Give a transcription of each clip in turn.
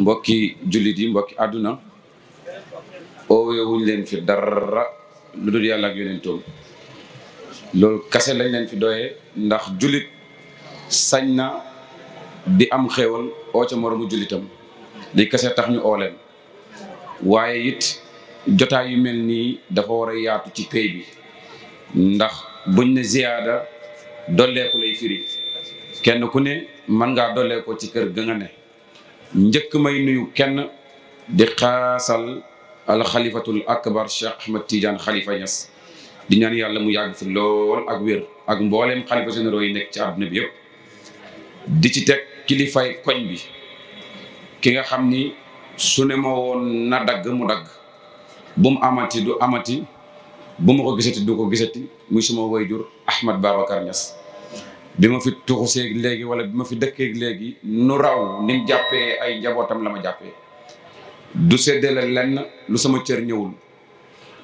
mbokki jullit yi mbokki àdduna oowewuñ leen fi dara lu dul yàlla ak yonentoom loolu kase lañ leen fi doyee ndax julit sañ na di am xéewal oo ca moromu jullitam li kase tax ñu oo waaye it jotaay yu mel nii dafa war a yaatu ci pay bi ndax buñ ne ziyaada dolleeku lay firi kenn ku ne mën nga dollee ci kër ga ne njëkk may nuyu kenn di xaasal alxalifatul akbar Cheikh Ahmed Tidiane Khalifa Niass di ñaan yàlla mu yàgg fi lool ak wér ak mbooleem xalifa généraux yi nekk ci àdduna bi yëpp di ci teg kilifay koñ bi ki nga xam ni su ne ma woon na dagg mu dagg bu mu amati du amati bu ma ko gisati du ko gisati muy suma wayjur Ahmed Babacar Niass bi ma fi tuxuseeg léegi wala bi ma fi dëkkeek léegi nu raw ni mu jàppee ay njabootam la ma jàppee du séddale lenn lu sama cër ñëwul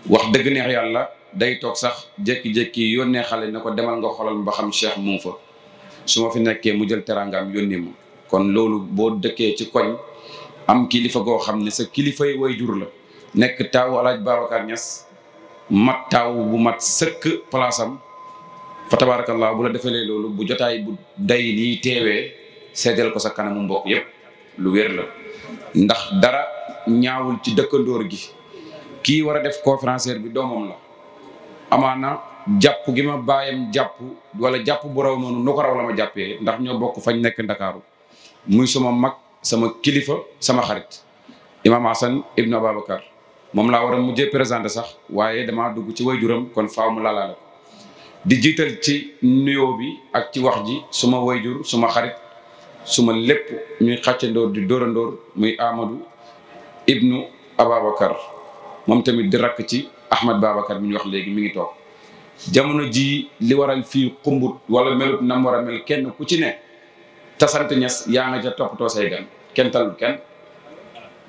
wax dëgg neex yàlla day toog sax jékki-jékki yónnee xale ne ko demal nga xoolal ba xam cheikh mu fa su ma fi nekkee mu jël teraangaam yónnee ma kon loolu boo dëkkee ci koñ am kilifa goo xam ne sa kilifay way jur la nekk taawu alaaj Babacar Niass mat taaw bu mat sëkk palaasam fa tabaarakallaa bu la defalee loolu bu jotaay bu day nii teewee seedeel ko sa kanam mbokk yépp lu wér la ndax dara ñaawul ci dëkkandoor gi ki war a def conférencier bi doomam la amaana jàpp gi ma bàyyam jàpp wala jàpp bu raw noonu nu ko raw la ma jàppee ndax ñoo bokk fañ nekk ndakaaru muy suma mag sama kilifa sama xarit imaam Hassan ibnu Ababacar moom laa war a mujjee présenté sax waaye damaa dugg ci waajuram kon faaw mu laalaale di jiital ci nuyo bi ak ci wax ji suma wayjur suma xarit suma lépp ñuy xàccandoor di dóorandoor muy Amadou ibnu Ababacar moom tamit di rakk ci Ahmad Babacar mi ñu wax léegi mi ngi toog jamono ji li waral fii xumbut wala melut nam war a mel kenn ku ci ne tasant ñes yaa nga ja toppatoo say gan kenn talul kenn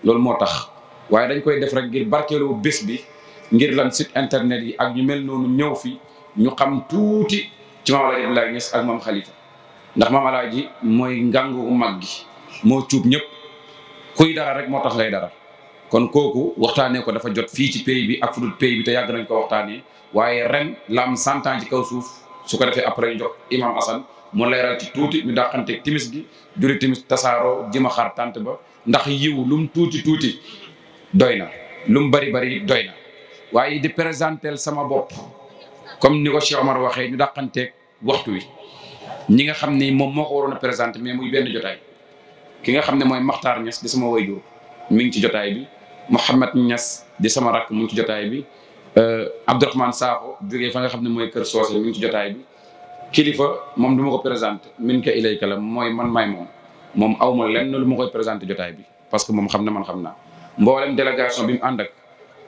loolu moo tax waaye dañ koy def rek ngir barkeeloo bés bi ngir lan site internet yi ak ñu mel noonu ñëw fi ñu xam tuuti ci maam a Abdoulaye Niass ak maam Khalifa ndax maam Alaaji mooy ngangu mag gi moo cuub ñëpp kuy dara rek moo tax lay dara kon kooku waxtaanee ko dafa jot fii ci pays bi ak fudut pays bi te yàgg nañ ko waxtaanee waaye ren la am ci kaw suuf su ko defee après ñu jox imam Assane mu leeral ci tuuti ñu dàqanteeg timis gi juri timis tasaaroo jëm a xaar tànt ba ndax yiw lum tuuti tuuti doy na lum bari bari doy na waaye di présentel sama bopp comme ni ko Cheikh Omar waxee ñu dàqanteeg waxtu wi ñi nga xam ni moom moo ko waroon a présenté mais muy benn jotaay ki nga xam ne mooy maxtaar Niass di sama wayjur mi ngi ci jotaay bi Mouhamed Niass di sama rakk mu jotaay bi euh, Abdourahmane Sakho jógee fa nga xam ne mooy Kër Soose mi ngi ci jotaay bi kilifa moom du ma ko présenté min ka ilayka la mooy man may moom moom aw ma lenn lu ma koy présenté jotaay bi parce que moom xam na man xam na mboolem délégation bi mu ànd ak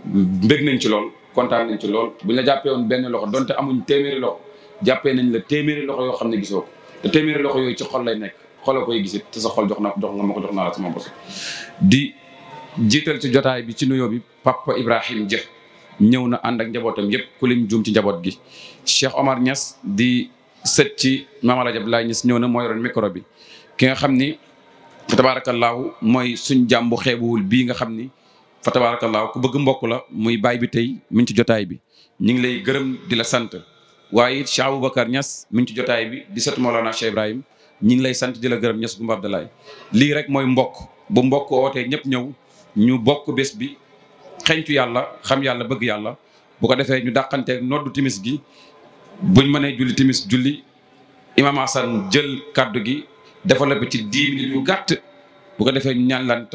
mbég nañ ci lool kontaan nañ ci lool buñ la jàppee woon benn loxo donte amuñ téeméeri loxo jàppe nañ la téeméeri loxo yoo xam ne gisoo ko te téeméeri loxo yooyu ci xol lay nekk xolo koy gisit te sa xol jox na jox nga ma ko jox di jiital ci jotaay bi ci nuyoo bi Papa Ibrahim Dia ñëw na ànd ak njabootam yëpp ku lim juum ci njaboot gi Cheikh di sët ci Maam Alaaji Abdoulaye Niass ñëw na moo yoroon micro bi ki nga xam ni tabaarakallaahu mooy suñ jàmbu xeebuwul bi nga xam ni fa tabaarakallaahu ku bëgg mbokk la muy baay bi tey mi ngi ci jotaay bi ñu ngi lay gërëm di la sant waaye it Cheikh Aboubacar Niass mi ngi ci jotaay bi di sët Mawlana Cheikh Ibrahim ñu ngi lay sant di la gërëm ñas Niass Goumba Abdalaay lii rek mooy mbokk bu mbokk ootee ñëpp ñëw ñu bokk bés bi xencu yàlla xam yàlla bëgg yàlla bu ko defee ñu dàqanteeg noddu timis gi buñ mënee julli timis julli Imam Hassan jël kàddu gi développé ci dix minutes yu gàtt bu ko defee ñu ñaan lan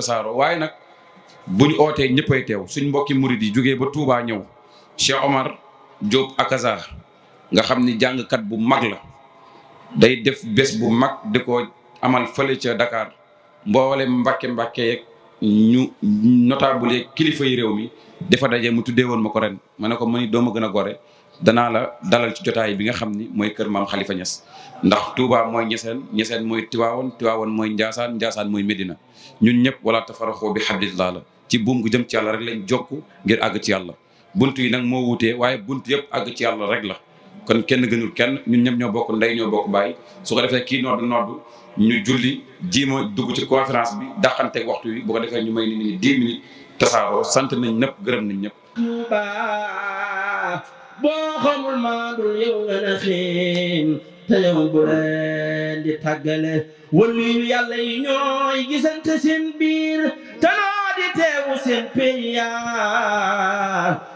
bu ñu ootee ñëppay teew suñ mbokki murid yi jógee ba Touba ñëw Cheikh Omar Diop Akaza nga xam ni jàng kat bu mag la day def bés bu mag di ko amal fële ca Dakar mboole mbàkke mbàkke yeeg ñu notable yeeg kilifa yi réew mi dafa daje mu tuddee woon ma ko ren ma ne ko ma ni dooma gën a gore danaa la dalal ci jotaay bi nga xam ni mooy kër maam xalifa Niass ndax Touba mooy ñeseen ñeseen mooy Tiwaawoon Tiwaawoon mooy Njaasaan Njaasaan mooy Medina ñun ñëpp wala tafarraxoo bi xablillah la ci buum gu jëm ci yàlla rek lañ jokk ngir àgg ci yàlla bunt yi nag moo wutee waaye bunt yëpp àgg ci yàlla rek la kon kenn gënul kenn ñun ñëpp ñoo bokk ndey ñoo bokk bàyyi su ko defee kii nodd nodd ñu julli jiima dugg ci conférence bi dàqanteeg waxtu yi bu ko defee ñu may nit ñi dix minutes tasaaroo sant nañ ñëpp gërëm nañ ñëpp boo xamul maandul yow nga na xiin te yow bu leen di tàggale wëllu yu yàlla yi ñooy gisante seen biir te teewu seen peña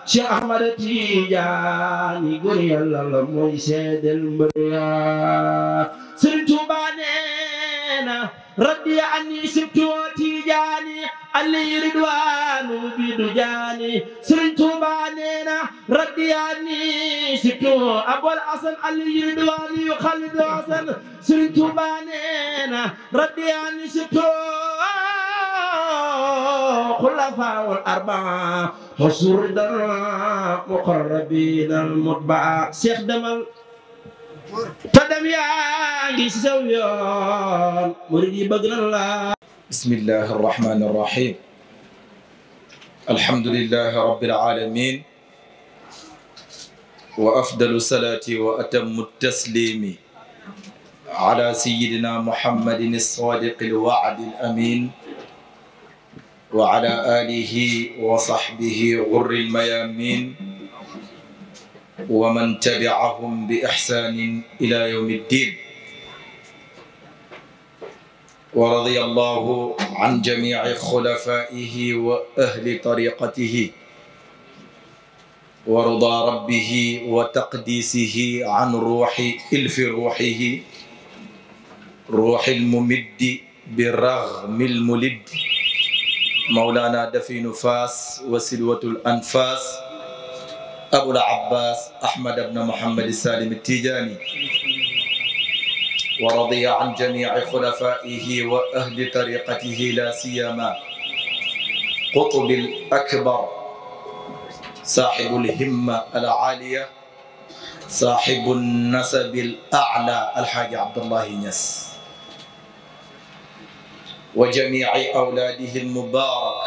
Cheikh Ahmad Tidiane góor yàlla la mooy seedel mbër ya Sëriñ Tuubaa nee na رضي عني سبت وتيجاني علي رضوان بدجاني سرت بانينا رضي عني سبت أبو الحسن علي رضوان يخلد حسن سرت بانينا رضي عني سبت خلفاء الأربعة مسردا مقربين المتبعة شيخ دمل تدم يا سويان مريدي بقنا لا بسم الله الرحمن الرحيم الحمد لله رب العالمين وأفضل الصلاة وأتم التسليم على سيدنا محمد الصادق الوعد الأمين wa ala alihi wa sahbihi ghurril mayamin wa man tabi'ahum bi ihsanin ila yawmi ddin wa radiyallahu an jami'i khulafaihi wa ahli tariqatihi wa rida rabbihi wa taqdisihi an ruhi ilfi ruhihi ruhil mumiddi bi raghmil muliddi mawlaana dafinu faas wa silwatul anfaas abul abbas ahmad ibn muhammad salim tijaani wa radiya an jamiici xulafaa'ihi wa ahli tariqatihi la siyama qutbil akbar saaxibul himma al aaliya saaxibun nasabil a'laa alxaaji Abdullahi Ñas وجميع أولاده المبارك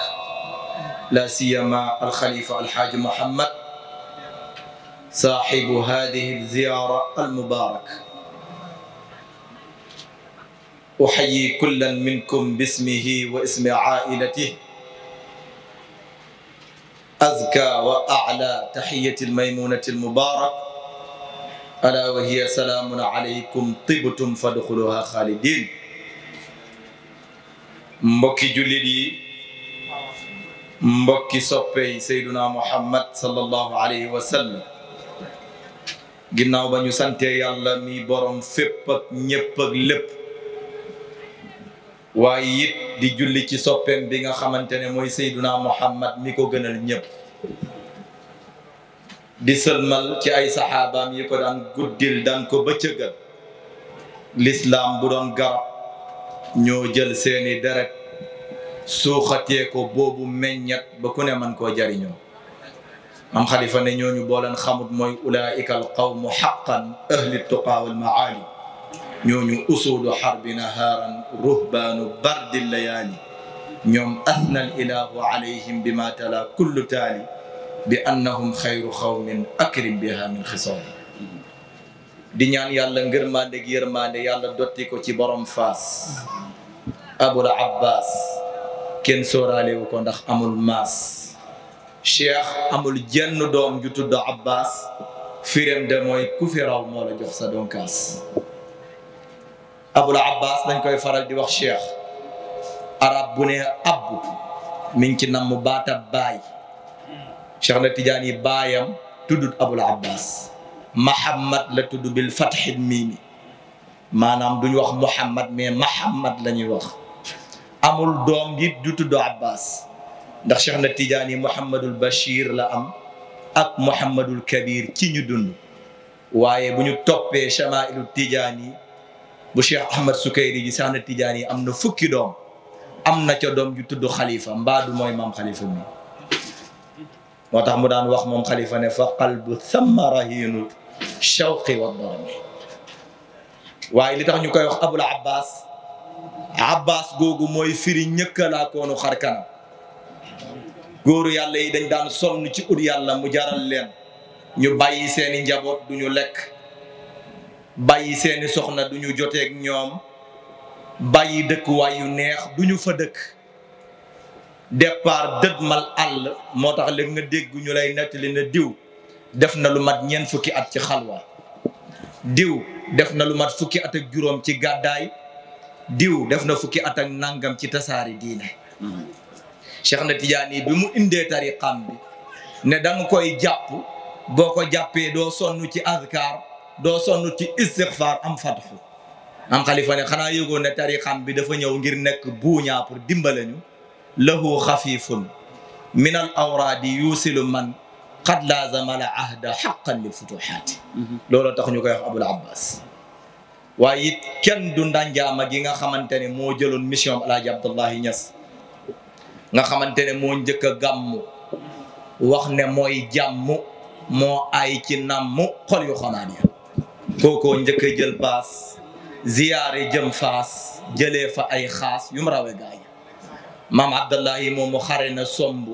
لا سيما الخليفة الحاج محمد صاحب هذه الزيارة المباركة أحيي كلا منكم باسمه واسم عائلته أزكى وأعلى تحية الميمونة المبارك ألا وهي سلام عليكم طبتم فادخلوها خالدين mbokki jullit yi mbokki soppey sayduna muhammad sallallahu alayhi wa ginnaaw ba ñu sante yàlla mi borom fépp ak lépp waaye it di julli ci soppeem bi nga xamante ne mooy sayduna muhammad mi ko gënal ñépp di sëlmal ci ay saxaabaam yi ko daan guddil daan ko bëccëgal lislaam bu doon garab ñoo jël seeni deret suuxatee ko boobu meññat ba ku ne man koo jariñoo mam xalifa ne ñooñu booleen xamut mooy ulaika al qawmu xaqan ahli tuqaa wal maali ñooñu usuudu xarbi nahaaran ruhbaanu bardi layaali ñoom athna al ilahu alayhim tala kullu taali bi annahum xayru akrim biha min xisooli di ñaan yàlla ngërmande ak yërmande yàlla ko ci borom fas abul abbas kenn sóoraalewu ko ndax amul maas cheikh amul jenn doom ju tudd abbas firam de mooy ku fi raw moo la jox sa donkaas abul abbas dañ koy faral di wax cheikh arab bu ne abbu mi ngi ci namm baatab baay cheikh na tijaani yi baayam tuddut abul abbas mahammad la tudd bil fatxil miimi maanaam duñ wax muhammad mais mahammad la wax amul doom ji du tudd Abbas ndax Cheikh na Tidiane Mouhamadul Bachir la am ak Mouhamadul Kabir ci ñu dund waaye bu ñu toppee Chamailul Tidiane bu Cheikh Ahmad Sukayri ji Cheikh na Tidiane am na fukki doom am na ca doom ju tudd Khalifa mbaadu mooy maam Khalifa mi moo tax mu daan wax moom Khalifa ne fa qalbu thamma rahinu shawqi wa darami waaye li abbas googu mooy firi ñëkkalaakoonu xar kanam góoru yàlla yi dañ daan sonn ci ut yàlla mu jaral leen ñu bàyyi seeni njaboot duñu lekk bàyyi seeni soxna duñu ñu joteeg ñoom bàyyi dëkkuwaay yu neex duñu fa dëkk départ dëdmal àll moo tax léegi nga dégg ñu lay nettali na diw def na lu mat ñeent fukki at ci xalwa diw def na lu mat fukki at ak juróom ci gàddaay diw def na fukki atak nangam ci tasaari diine Cheikh na Tidiane bi mu indee tariqam bi ne da koy jàpp boo ko jàppee doo sonn ci azkar doo sonn ci istighfar am fatxu am xalifa ne xanaa yëgoon ne tariqam bi dafa ñëw ngir nekk buuñaa pour dimbale ñu lahu xafifun min al awraadi yuusilu man qad laazama la ahda xaqan li futuxaati mhm. looloo tax ñu koy abul abbas waaye it kenn du ndànjaama gi nga xamante ne moo jëloon mission am alaaji Abdullahi Niass nga xamante ne moo njëkk a wax ne mooy jàmm moo ay ci namm xol yu xonaan ya kookoo njëkk jël baas ziyaare jëm faas jële fa ay xaas yu mu rawe gaay maam Abdullahi moomu xare na somb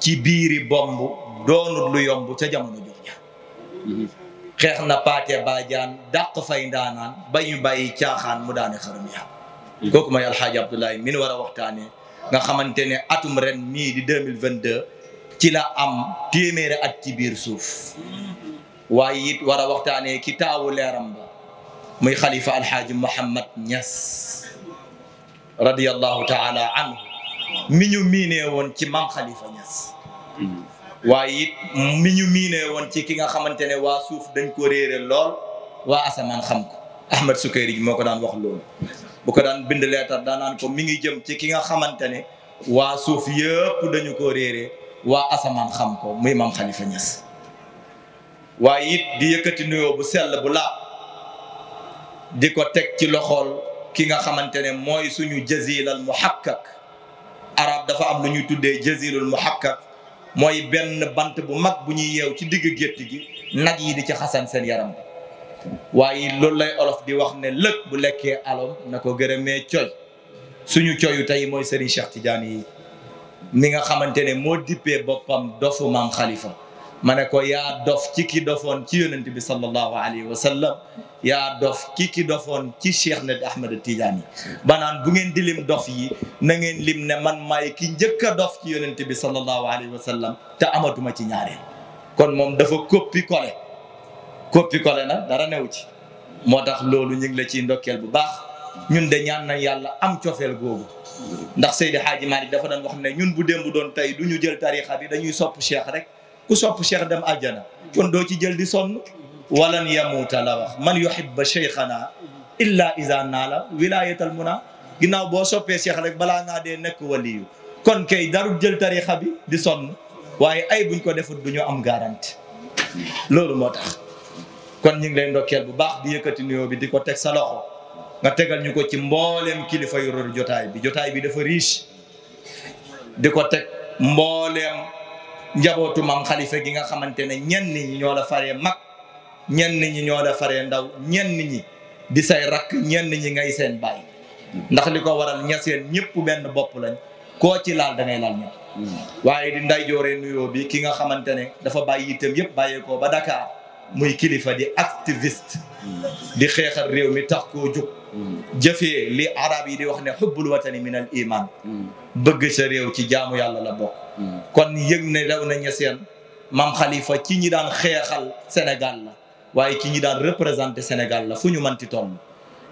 ci biiri bomb doonut lu yomb ca jamono jooja mhm. xeex na paate baajaan dàq fay ndaanaan ba ñu bàyyi caaxaan mu daane xarum ya kooku mooy alxaaji min war a waxtaane nga xamante ne atum ren mii di 2022 ci la am téeméeri at ci biir suuf waaye it war a waxtaane ki taawu leeram ba muy xalifa alxaaji Mouhamad Niass radiyallahu taala mi ñu miinee ci maam xalifa Niass waaye it mi ñu miinee woon ci ki nga xamante ne waa suuf dañ ko réere lool waa asamaan xam ko Ahmed Sukayri moo ko daan wax loolu bu ko daan bind leetar daanaan ko mi ngi jëm ci ki nga xamante ne waa suuf yëpp dañu ko réere waa asamaan xamko ko muy maam Khalifa Niass waaye it di yëkkati nuyoo bu sel bu laab di ko teg ci loxool ki nga xamante ne mooy suñu jazilal muhakkak arab dafa am lu ñuy tuddee jazilul muhakkak mooy benn bant bu mag bu ñuy yeew ci digg gétt gi nag yi di ci xasan seen yaram waaye loolu lay olof di wax ne lëkk bu lekkee alom na ko gërëmee coy suñu coyu tey mooy Serigne Cheikh Tidiane yi ni nga xamante ne moo dippee boppam dofu maam ma ne ko yaa dof ci ki dofoon ci yonent bi sallallahu alayhi wa sallam yaa dof ki ki dofoon ci Cheikh Ned Ahmed Tidiane ba naan bu ngeen di lim dof yi na ngeen lim ne man maay ki njëkk a dof ci yonent bi sallallahu alayhi wa sallam te amatuma ci ñaareel. kon moom dafa coppi collé coppi collé nag dara newu ci moo tax loolu ñu la ciy ndokkeel bu baax ñun de ñaan nañ yàlla am cofeel googu ndax Seydi Hadji Malick dafa doon wax ne ñun bu démb doon tey du ñu jël tarixa bi dañuy sopp Cheikh rek. ku sopp cheikh dem aljana kon doo ci jël di sonn walan yamuuta la wax man yuhibba cheikhana illa isa naala wilayatal muna ginnaaw boo soppee cheikh rek balaa ngaa dee nekk waliyu kon kay darul jël tarixa bi di sonn waaye ay buñ ko defut du am garanti loolu moo tax kon ñu ngi lay ndokkeel bu baax di yëkkati nuyoo bi di ko teg sa nga tegal ñu ko ci mbooleem kilifa yu ror jotaay bi jotaay bi dafa riche di ko teg mbooleem njabootu maam xalifa gi nga xamante ne ñenn ñi ñoo la faree mag ñenn ñi ñoo la faree ndaw ñenn ñi di say rakk ñenn ñi ngay seen bàyyi ndax li ko waral ña ñaseen ñëpp benn bopp lañ koo ci laal da ngay laal hmm. waaye di nday jooree nuyoo bi ki nga xamante ne dafa bàyyi itam yëpp bàyyeekoo ba Dakar muy kilifa di activist hmm. di xeexal réew mi tax koo jug hmm. jëfee li arab yi di wax ne xubbul watani min al iman bëgg sa réew ci jaamu yàlla la bokk kon yëg ne daw na ñeseen maam Khalifa ci ñi daan xeexal Sénégal la waaye ci ñi daan représenté Sénégal la fu ñu manti toll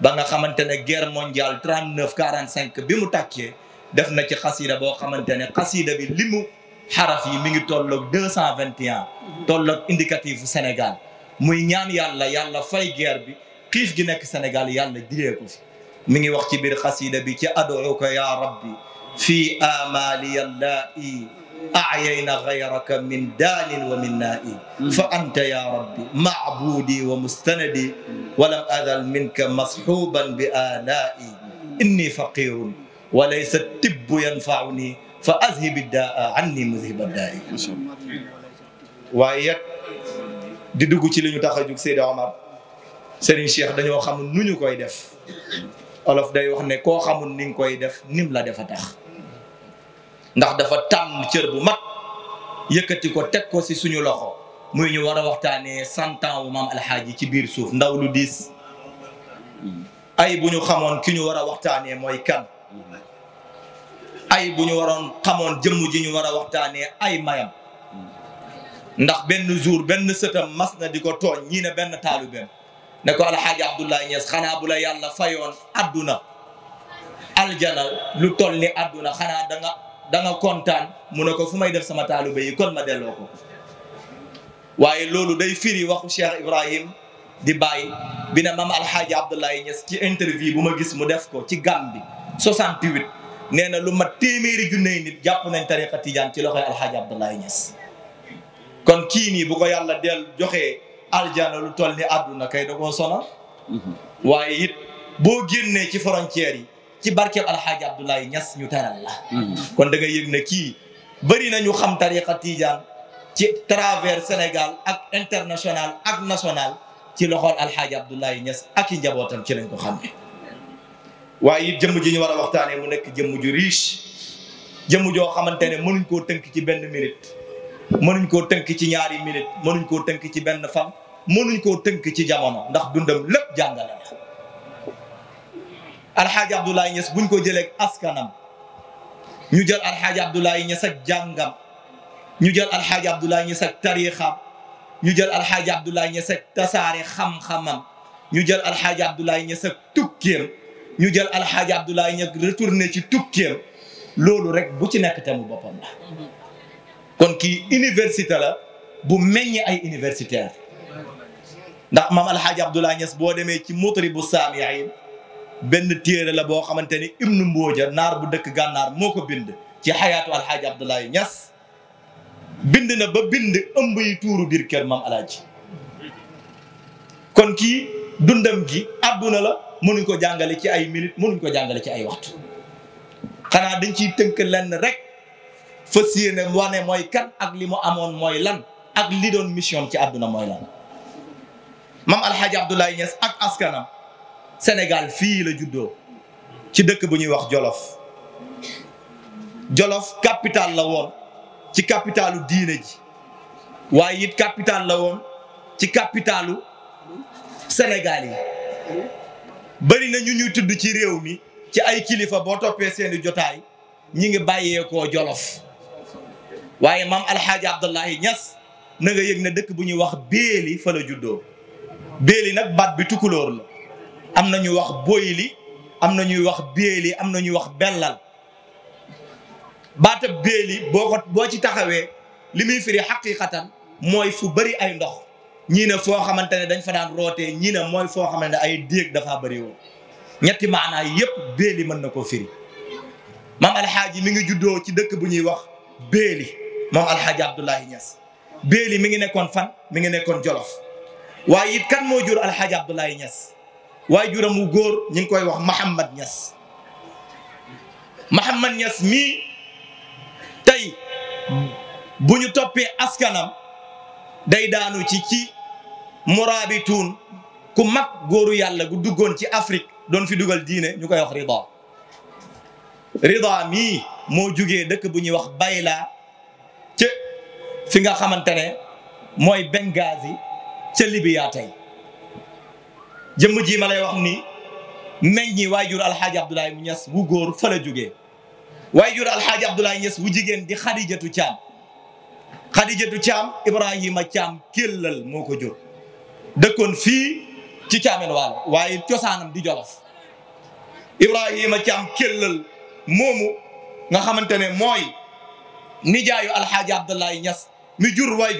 ba nga xamante ne guerre mondiale 39 cinq bi mu tàkkee def na ci xasida boo xamante ne xasida bi limu mu yi mi ngi tolloog 221 tolloog indicatif Sénégal muy ñaan yàlla yàlla fay guerre bi xiif gi nekk Sénégal yàlla diree ko fi mi ngi wax ci biir xasida bi ci ad'uka ya rabbi fi amaliya allai ayayna gayraka min daanin wa min naai fa anta ya rabbi macbuudi wa mustanadi walam adal minka masxuuban bi alaai inni faqirun wa laysa tibbu yanfauni fa azhibi daa anni muzhiba daai waaye yet di dugg ci li ñu tax a jug Seydi Omar Serigne Cheikh dañoo xamul nu ñu koy def olof day wax ne koo xamul ni nga koy def nim la defa tax ndax dafa tànn cër bu mag yëkkati ko teg ko ci suñu loxo muy ñu war a waxtaanee cent ans wu alxaaji ci biir suuf ndaw lu diis ay bu ñu xamoon ki ñu war a waxtaanee mooy kan ay bu ñu waroon xamoon jëmm ji ñu war a waxtaanee ay mayam ndax benn jour benn sëtam mas na di ko tooñ ñii benn taalibeem ne ko alxaaji Abdoulaye Niass xanaa bu la yàlla fayoon adduna aljana lu toll adduna xanaa da danga kontaan mu ne ko fu may def sama taalibe yi kon ma delloo ko waaye loolu day firi waxu Cheikh Ibrahim di bàyyi bi ne maam Alxaaji Abdoulaye Niass ci interview bu ma gis mu def ko ci Gàmbi 68 nee na lu mat téeméeri junney nit jàpp nañ tariqa tijaan ci loxoy Alxaaji Abdoulaye Niass kon kii nii bu ko yàlla del joxe aljana lu toll ni àdduna kay da koo mhm. waaye it boo génnee ci frontières yi ci barkeel alxaaji Abdoulaye ñas ñu teral mm-hmm. kon dangay nga yëg ne kii bëri nañu xam tariqa tijaan ci travers Sénégal ak international ak national ci loxool alxaaji Abdoulaye ñas ak i njabootam ci lañ ko xam ne waaye it jëmm ji ñu war a mu nekk jëmm ju riche jëmm joo xamante ne mënuñ koo tënk ci benn minute mënuñ koo tënk ci ñaari minute mënuñ koo tënk ci benn fan mënuñ koo tënk ci jamono ndax dundam lépp jàngale la alxaaji Abdoulaye Niass buñ ko jëlee ak askanam ñu jël alxaaji Abdoulaye Niass ak jàngam ñu jël alxaaji Abdoulaye Niass ak tariixam ñu jël alxaaji Abdoulaye Niass ak tasaare xam-xamam ñu jël alxaaji Abdoulaye Niass ak tukkeem ñu jël alxaaji Abdoulaye Niass retourné ci tukkeem loolu rek bu ci nekk tamu boppam la kon kii université la bu meññ ay universitaire ndax maam alxaaji Abdoulaye Niass boo demee ci mutri bu saamiin benn téere la boo xamante ni ibnu mbooja naar bu dëkk gànnaar moo ko bind ci xayaatu alxaaji abdoulaye ñas bind na ba bind ëmb yi tuuru biir kër maam kon kii dundam gi àdduna la mënuñ ko jàngale ci ay minute mënuñ ko jàngale ci ay waxtu xanaa dañ ciy tënk lenn rek fas mooy kan ak li amoon mooy lan ak li doon mission ci àdduna alxaaji abdoulaye ñas ak askanam Sénégal fii la juddoo ci dëkk bu ñuy wax Jolof Jolof capital la woon ci capitalu diine ji waaye it capital la woon ci capitalu senegal yi bëri na ñu ñuy tudd ci réew mi ci ay kilifa boo toppee seeni jotaay ñi ngi bàyyeekoo Jolof waaye maam Alxaaji Abdullahi Ñas na nga yëg ne dëkk bu ñuy wax Béeli fa la juddoo Béeli nag baat bi tukulóor la am na ñu wax boyli am na ñuy wax béeli am na ñuy wax bellal baata béeli boo ko boo ci taxawee li muy firi xaqiqatan mooy fu bari ay ndox ñii ne foo xamante ne dañ fa daan rootee ñii ne mooy foo xamante ne ay déeg dafaa bëri woon ñetti maanaa yépp béeli mën na ko firi maam alxaaji mi ngi juddoo ci dëkk bu ñuy wax béeli moom alxaaji Abdoulahi Niass béeli mi ngi nekkoon fan mi ngi nekkoon Jolof waaye it kan moo jur alxaaji Abdoulahi Niass waajuram juramu góor ñu ngi koy wax Mouhamad Niass Mouhamad Niass mii tey bu ñu toppee askanam day daanu ci ci muraabituun ku mag góoru yàlla gu duggoon ci Afrique doon fi dugal diine ñu koy wax Rida Rida mii moo jugee dëkk bu ñuy wax Bayla ca fi nga xamante ne mooy Benghazi ca Libya tey jëmm ji malay wax ni meññi waajur alxaaji Abdoulaye Niass wu góor fa la jógee waajur alxaaji Abdoulaye Niass wu jigéen di Xadijatu Caam Xadijatu Caam Ibrahima Caam kéllal moo ko jur dëkkoon fii ci Caamen Waalo waaye cosaanam di Jolof Ibrahima Caam kéllal moomu nga xamante ne mooy nijaayu alxaaji Abdoulaye Niass mi jur waajuram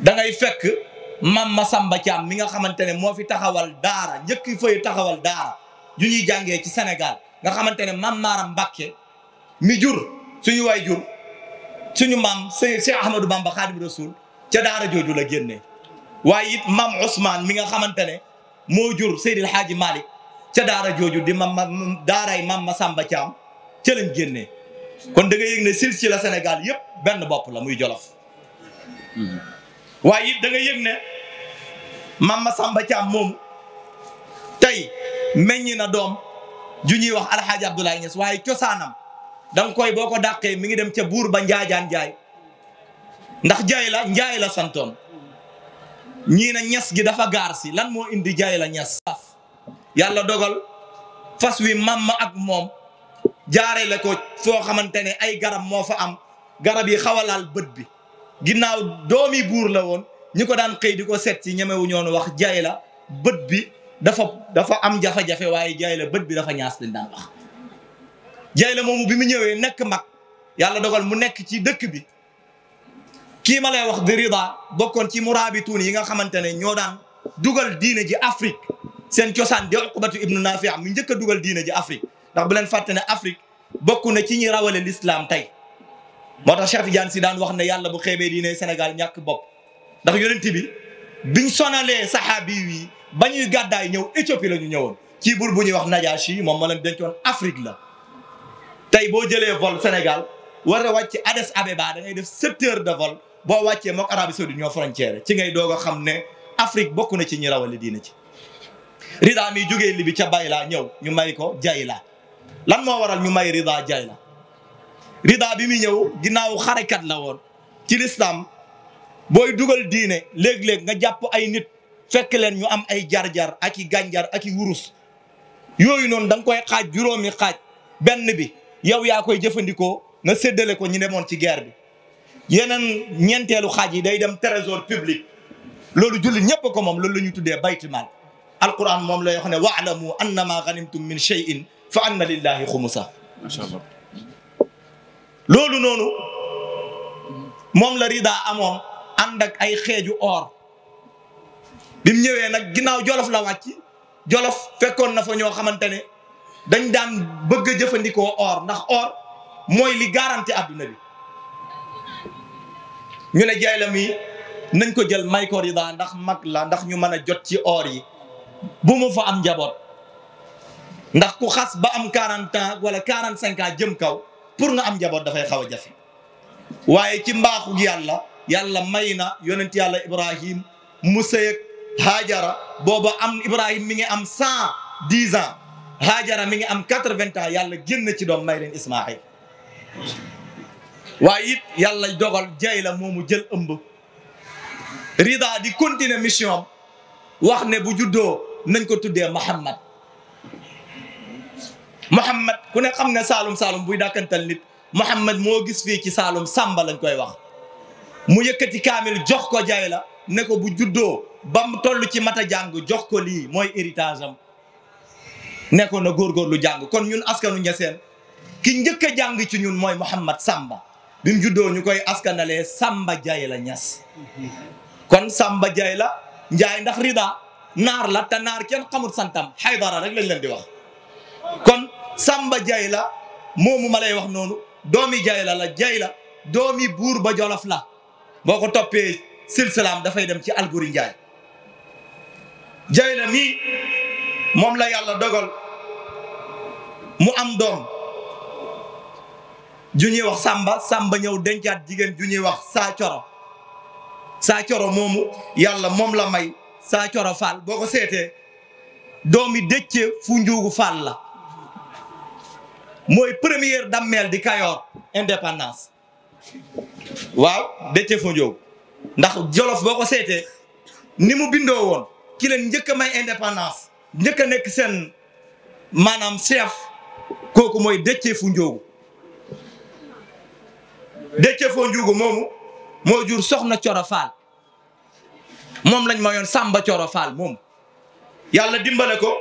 juram ngay fekk mam Masamba Thiam mi nga xamante ne moo fi taxawal daara njëkki fay taxawal daara ju ñuy jàngee ci senegal nga xamante ne mam Maaram Mbàkke mi jur suñu waay jur suñu mam Cheikh Ahmadou Bamba Khadim Rasoul ca daara jooju la génne waaye it mam Ousmane mi nga xamante ne moo jur Seydil Hadji Malick ca daara jooju di mam daaray mam Masamba Thiam ca lañ génnee kon da nga yëg ne silsila Sénégal yëpp benn bopp la muy Jolof hmm. waaye it da nga yëg ne maam Masamba Thiam moom tey meññi na doom ju ñuy wax alxaaji Abdoulaye Niass waaye cosaanam da nga koy boo ko dàqee mi ngi dem ca buur ba njaajaan njaay ndax jaay la njaay la santoon ñii na ñas gi dafa gaar si lan moo indi jaay la ñas yàlla dogal fas wi ma ak moom jaare ko foo xamante ne ay garab moo fa am garab yi xawalaal bët bi ginnaaw doomi buur la woon ñi ko daan xëy di ko seet si ñemewu ñoon wax jaay bët bi dafa dafa am jafe-jafe waaye jaay bët bi dafa ñaas lañ daan wax jaay la moomu bi mu ñëwee nekk mag yàlla dogal mu nekk ci dëkk bi kii ma lay wax di Rida bokkoon ci muraabituun yi nga xamante ne ñoo daan dugal diina ji Afrique seen cosaan di Uqbatu ibnu Naafi' mu njëkk dugal diina ji Afrique ndax bu leen fàtte ne Afrique bokk na ci ñi rawale l'islam tey moo tax Cheikh Tidiane si daan wax ne yàlla bu xeebee diine Sénégal ñàkk bopp ndax yonent bi biñ sonalee saxaabi yi bañuy ñuy gàddaay ñëw Éthiopie la ñu ñëwoon ci buur bu ñuy wax Najashi moom ma leen dencoon Afrique la tey boo jëlee vol Sénégal war a wàcc Addis Abeba da ngay def sept heures de vol boo wàccee mook Arabie Saoudite ñoo frontière ci ngay doog a xam ne Afrique bokk na ci ñi rawale diina ci Rida mi jógee Libi ca Bayla ñëw ñu may ko Jayla lan moo waral ñu may Rida Jayla rida bi muy ñëw ginnaaw xarekat la woon ci lislaam booy dugal diine léeg-léeg nga jàpp ay nit fekk leen ñu am ay jar-jar ak i gànjar ak i wurus yooyu noonu da nga koy xaaj juróomi xaaj benn bi yow yaa koy jëfandikoo nga séddale ko ñu demoon ci guerre bi yeneen ñeenteelu xaaj yi day dem trésor public loolu jullit ñépp ko moom loolu la ñuy tuddee baytu maal alquran moom lay wax ne waalamu annama ganimtum min cheyin fa anna lillahi xumusa loolu noonu moom la rida amoon ànd ay xeeju or bi mu ñëwee nag ginnaaw jolof la wàcc jolof fekkoon na fa ñoo xamante ne dañ daan bëgg a jëfandikoo or ndax or mooy li garanti àdduna bi ñu ne jay mi nañ ko jël may ko rida ndax mag la ndax ñu mën a jot ci or yi bu mu fa am njaboot ndax ku xas ba am quarante ans wala quarante cinq ans jëm kaw pour nga am njaboot dafay xaw a jafe waaye ci mbaaxu yàlla yàlla may na yonent yàlla Ibrahim mu sëy ak Haajara booba am Ibrahim mi ngi am cent dix ans Haajara mi ngi am quatre vingt ans yàlla génn ci doom may leen Ismaayil waaye it yàlla dogal jayla la moomu jël ëmb Rida di continuer mission am wax ne bu juddoo nañ ko tuddee Muhammad Mouhamed ku ne xam ne Saalum Saalum buy dàkkantal nit Mouhamed moo gis fii ci Saalum Samba lañ koy wax mu yëkkati kaamil jox ko jaay la ne ko bu juddoo ba mu toll ci mata jàng jox ko lii mooy héritage am ne ko na lu jàng kon ñun askanu Ñaseen ki njëkk a jàng ci ñun mooy Mouhamed Samba bi mu juddoo ñu koy askanalee Samba jaay la ñas kon Samba jaay la njaay ndax rida naar la te naar kenn xamul santam Haydara rek lañ leen di wax Samba Jaay la moomu ma wax noonu doomi Jaay la la Jaay la doomi buur ba Jolof la boo ko toppee silsilaam dafay dem ci Alburi Njaay Jaay la moom la yàlla dogal mu am doom ju ñuy wax sàmba sàmba ñëw dencaat jigéen ju ñuy wax saa coro saa coro moomu yàlla moom la may saa coro faal boo ko seetee doomi dëcce fu njuugu faal la mooy première dammeel di Kayoor indépendance waaw Déthié Fall ndax Jolof boo ko seetee ni mu bindoo woon ki leen njëkk a may indépendance njëkk a nekk seen maanaam chef kooku mooy Déthié Fall Ndiogou Déthié Fall Ndiogou moomu moo jur soxna Coro Fall moom lañ mayoon Samba Coro Fall moom yàlla dimbale ko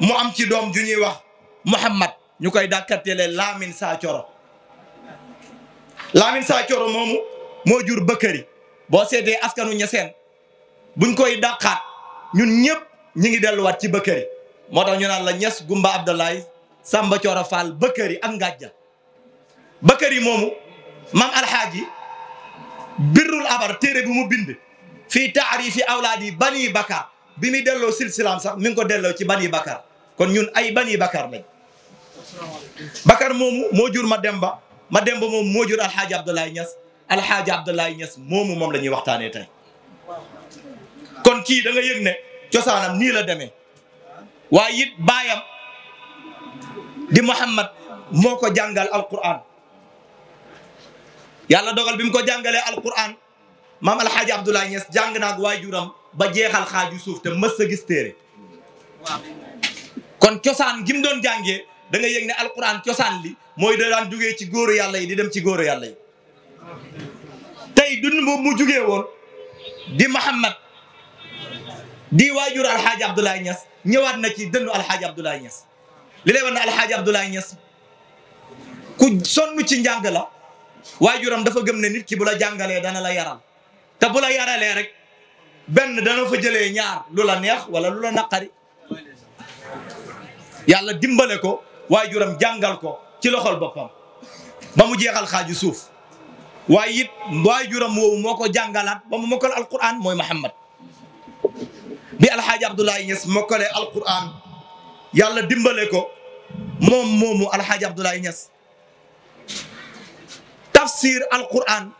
mo am ci doom ju ñuy wax Mouhamad ñu koy dàkkatelee Lamine Saacoro Lamine Saacoro moomu moo jur bëkkëri boo seetee askanu ñeseen buñ koy dàqaat ñun ñëpp ñi ngi delluwaat ci bëkkëri moo tax ñu naan la ñes Gumba Abdoulaye Samba Coro Fall bëkkëri ak ngàjja bëkkëri moomu maam alxaaji birrul abar téere bi mu bind fii taarifi awlaadi bani bakar bi muy delloo silsilaam sax mi ko delloo ci bani bakar kon ñun ay bani bakar lañ Bakar moomu moo jur ma demba ma demba moomu moo jur alxaaji Abdoulaye Niass alxaaji Abdoulaye Niass moomu moom la ñuy waxtaanee tey kon kii da nga cosaanam nii la demee waaye it baayam di Muhammad moo ko jàngal Alqur'an yàlla dogal bi mu ko jàngalee Alqur'an maam alxaaji Abdoulaye Niass jàng naa ak waajuram ba jeexal xaaju suuf te mës a kon cosaan gi doon jàngee. da nga yëg ne alquran cosaan li mooy da daan jugee ci góoru yàlla di dem ci góoru yàlla tey dund boobu mu jugee di Muhammad di waajur alxaaji Abdoulaye Niass ñëwaat na ci dëndu alxaaji Abdoulaye Niass li lay wax ne alxaaji Abdoulaye ku sonn ci njàng la juram dafa gëm ne nit ki bu la jàngalee dana la yaral te bu la yaralee rek benn dana fa jëlee ñaar lu neex wala lu la naqari yàlla dimbale ko waajuram jàngal ko ci loxol boppam ba mu jeexal xaaju suuf waaye it waajuram woowu moo ko jàngalaat ba mu mooy Muhammad bi alxaaji Abdoulaye Niass mokkale alquran yàlla dimbale ko moom moomu alxaaji Abdoulaye Niass tafsir alquran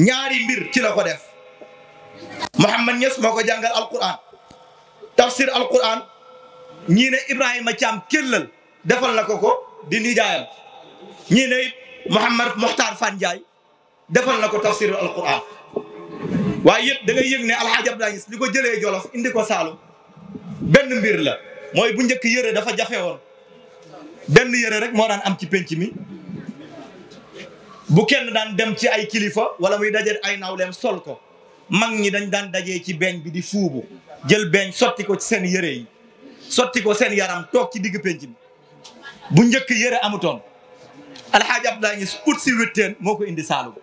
ñaari mbir ci la ko def Muhammad Niass moo ko jàngal alquran tafsir ñii ne Ibrahima Thiam Kellal defal na ko ko di nijaayam ñii ne it Mouhamad Mokhtar defal na ko tafsir alquran waaye yëpp da ngay yëg ne Alhaji Abdoulaye Niass li ko jëlee Jolof indi ko Saalum benn mbir la mooy bu njëkk yëre dafa jafe woon denn yëre rek moo daan am ci pénc mi bu kenn daan dem ci ay kilifa wala muy daje ay nawleem sol ko mag ñi dañ daan dajee ci beeñ bi di fuubu jël beeñ sotti ko ci seen yëre yi sotti ko seen yaram toog ci digg penc bu njëkk yëre amutoon alxaaji Abdoulaye Niass ut si witteen moo ko indi Saalum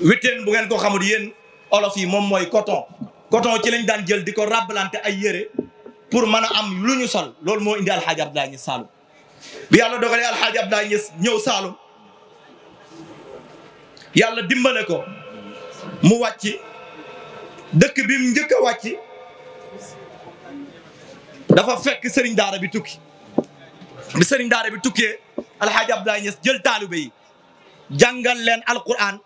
witteen bu ngeen ko xamul yéen olof yi moom mooy coton coton ci lañ daan jël di ko rabalante ay yére pour mën a am lu ñu sol loolu moo indi alxaaji Abdoulaye Niass Saalum bi yàlla dogalee alxaaji Abdoulaye Niass ñëw Saalum yàlla dimbale ko mu wàcc dëkk bi njëkk a wàcc dafa fekk sëriñ daara bi tukki sëriñ daara bi tukkee alxaaji Abdoulaye Niass jël taalu yi jàngal leen alquran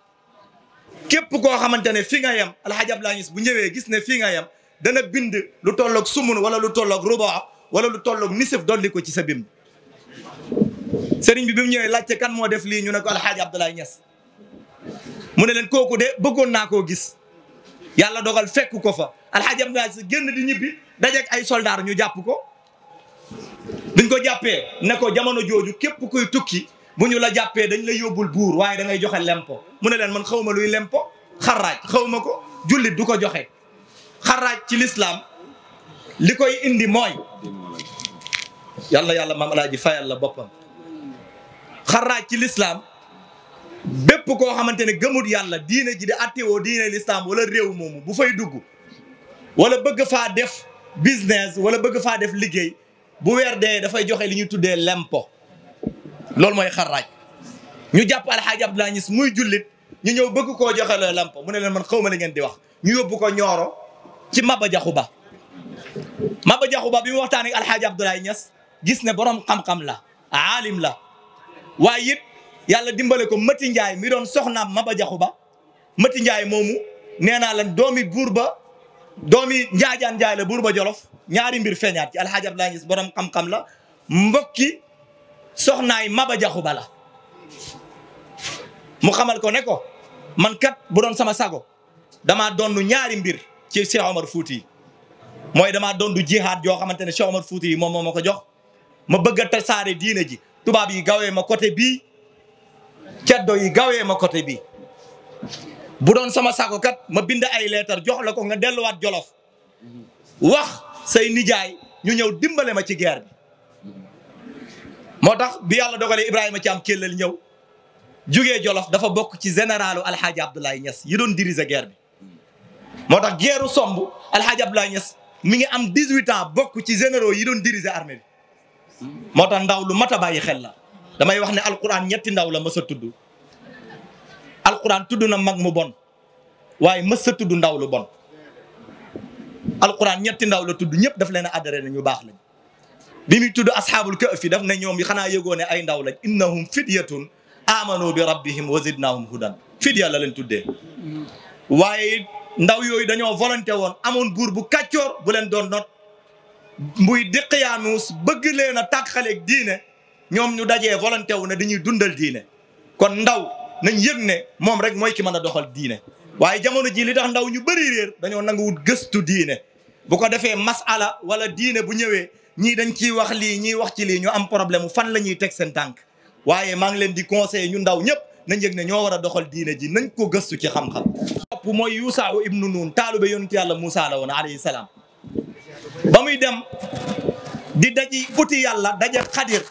képp koo xamante ne fi nga yem alxaaji Abdoulaye Niass bu ñëwee gis ne fii nga yem dana bind lu tollook sumun wala lu tolloog ruba wala lu tolloog nisif dolli ko ci sa bim sëriñ bi bi mu ñëwee laajte kan moo def lii ñu ne ko alxaaji Abdoulaye Niass mu ne leen kooku de bëggoon naa koo gis yàlla dogal fekk ko fa alxaaji Abdoulaye Sy génn di ñibbi dajeeg ay soldaar ñu jàpp ko duñ ko jàppee ne ko jamono jooju képp koy tukki bu ñu la jàppee dañ la yóbbul buur waaye da ngay joxe lempo mu ne leen man xawma luy lempo xarraaj xawma ko jullit du ko joxe xaraaj ci lislaam li koy indi mooy yàlla yàlla maam alaaji fayal la boppam xarraaj ci lislaam bépp koo xamante ne gëmut yàlla diine ji di attewoo diine lislaam wala réew moomu bu fay dugg wala bëgg faa def business wala bëgg faa def liggéey bu weer dee dafay joxe li ñuy tuddee lempo loolu mooy xarraaj ñu jàpp alxaaji Abdoulaye Niass muy jullit ñu ñëw bëgg koo joxe la lempo mu ne leen man kaw ma li ngeen di wax ñu yóbbu ko ñooro ci mabba Jaxu Ba Maba Jaxu Ba bi mu waxtaan ak alxaaji Abdoulaye Niass gis ne borom xam-xam la aalim la waaye it yàlla dimbale ko Mati Ndiaye mi doon soxnaam Maba Jaxu Ba Mati moomu nee naa leen doomi buur doomi njaajaan njaay la buur ba jolof ñaari mbir feeñaat ci alxaaji Abdoulaye Niass borom xam-xam la mbokki soxnaay maba jaxu ba la mu xamal ko ne ko man kat bu doon sama sago dama doon ñaari mbir ci Cheikh Omar mooy damaa doon du jihaad yoo xamante ne Cheikh Omar Fouti yi moom moo ko jox ma bëgg a tasaare diine ji tubaab yi gawee ma côté bii ceddo yi gawee ma côté bii bu doon sama saako kat ma bind ay leetar jox la ko nga delluwaat jolof wax say nijaay ñu ñëw dimbale ma ci guerre bi moo tax bi yàlla dogalee Ibrahima am Kellel ñëw jugee jolof dafa bokk ci généralu Alhaji Abdoulaye Niass yi doon diriger guerre bi moo tax guerre somb Alhaji Abdoulaye Niass mu ngi am 18 ans bokk ci généraux yi doon diriger armée bi moo tax ndaw lu mat a bàyyi xel la damay wax ne alquran ñetti ndaw la mës a tudd alquran tudd na mag mu bon waaye mës sa ndaw lu bon alquran ñetti ndaw la tudd ñëpp daf leen a adhéré na ñu baax lañ bi muy tudd asxaabul kahfi daf ne ñoom yi xanaa yëgoo ay ndaw lañ innahum fidyatun amanu bi rabbihim wa zidnahum hudan fidya la leen tuddee waaye ndaw yooyu dañoo volonté woon amoon buur bu kàccoor bu leen doon not muy diqiyaanuus bëgg leen a tàqaleeg diine ñoom ñu dajee volonté wu ne dañuy dundal diine kon ndaw nañ yëg ne moom rek mooy ki mën a doxal diine waaye jamono ji li tax ndaw ñu bëri réer dañoo nanguwut gëstu diine bu ko defee masala wala diine bu ñëwee ñii dañ ciy wax lii ñiy wax ci lii ñu am problème fan la ñuy teg seen tànk waaye maa ngi leen di conseiller ñu ndaw ñëpp nañ yëg ne ñoo war a doxal diine ji nañ ko gëstu ci xam-xam topp mooy Yuusa ibnu Nuun taalube yonent yàlla Muusa la woon alayhi salaam ba muy dem di daji uti yàlla daje xadir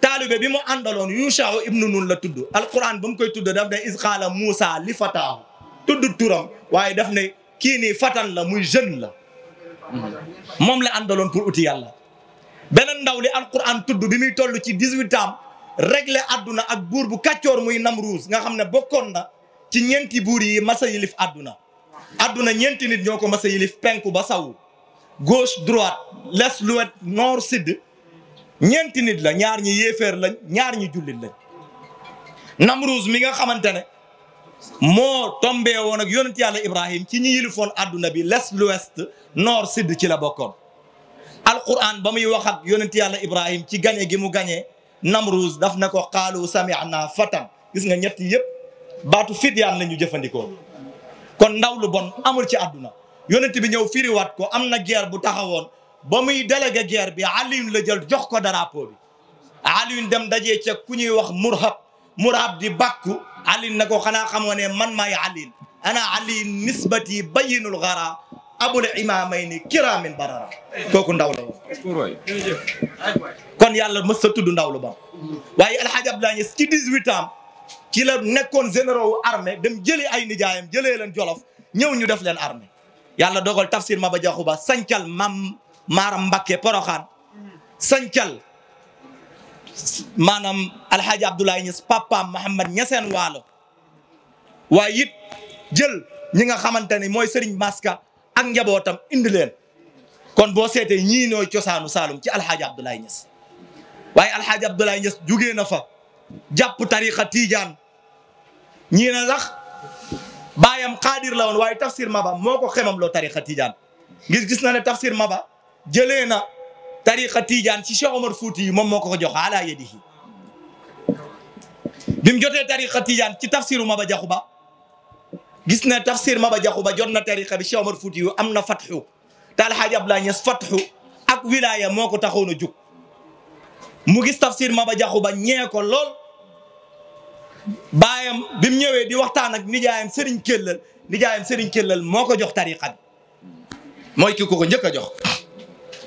taalibe bi mu àndaloon Yusha ibnu Nun la tudd alquran ba mu koy tudd daf ne isqaala Moussa li fata tudd turam waaye daf ne kii nii fatan la muy jeune la moom la àndaloon pour uti yàlla beneen ndaw li alquran tudd bi muy toll ci dix-huit ans régler àdduna ak buur bu kàccoor muy Namruus nga xam ne bokkoon na ci ñeenti buur yi masa yilif àdduna àdduna ñeenti nit ñoo ko masa yilif penku ba sawu gauche droite l'est l'ouest nord sud ñeenti nit la ñaar ñi yéeféer lañ ñaar ñi jullit lañ Namruus mi nga xamante ne moo tombé woon ak yonent yàlla Ibrahim ci ñi yilifoon adduna bi l'est l'ouest nord sud ci la bokkoon alquran ba muy wax ak yonent yàlla Ibrahim ci gañe gi mu gañee Namruus daf na ko qaalu sami'na fatan gis nga ñett yëpp baatu fidyaan la ñu jëfandikoo kon ndaw lu bon amul ci adduna yonent bi ñëw firiwaat ko am na guerre bu taxawoon ba muy délégué guerre bi Alioune la jël jox ko drapeau bi Alioune dem daje ca ku ñuy wax murhab murhab di bakku alin nako ko xanaa xamoo ne man maay Alioune ana Alioune nisbati bayinul xara abul imaamayni kiraamin barara kooku ndaw la woon kon yàlla mës sa tudd ndaw lu ba waaye alxaaj Abdoulaye Niass ci 18 ans ci la nekkoon généraux wu armée dem jëli ay nijaayam jëlee leen jolof ñëw ñu def leen armée yàlla dogal tafsir Maba Jaxu Ba sancal mam maaram Mbakke Poroxaan sancal maanaam alxaaji Abdoulaye Niass papaam Mouhamed Niassène waalo waaye it jël ñi nga xamante ne mooy Serigne Maska ak njabootam indi leen kon boo seete ñii cosaanu Saalum ci alxaaji Abdoulaye Niass waaye alxaaji Abdoulaye Niass jugee na fa jàpp tariqa Tidiane ñii na sax baayam xaadir la woon waaye tafsir Maba moo ko xemam loo tariqa Tidiane ngir gis na ne tafsir Maba jëlee na tariqa Tidiane ci Cheikh Omar Fouti yi moom moo ko ko jox ala yadihi bi mu jotee tariqa Tidiane ci tafsiru Maba Jaxu Ba gis na tafsir Maba Jaxu Ba jot na tariqa bi Cheikh Omar Fouti yu am na fatxu te Alxaaji Abdoulaye Niass fatxu ak wilaya moo ko taxoon a jug mu gis tafsir Maba Jaxu Ba ñee ko lool baayam bi mu ñëwee di waxtaan ak nijaayam Serigne Kellal nijaayam moo ko jox tariqa bi mooy ki ko ko njëkk a jox.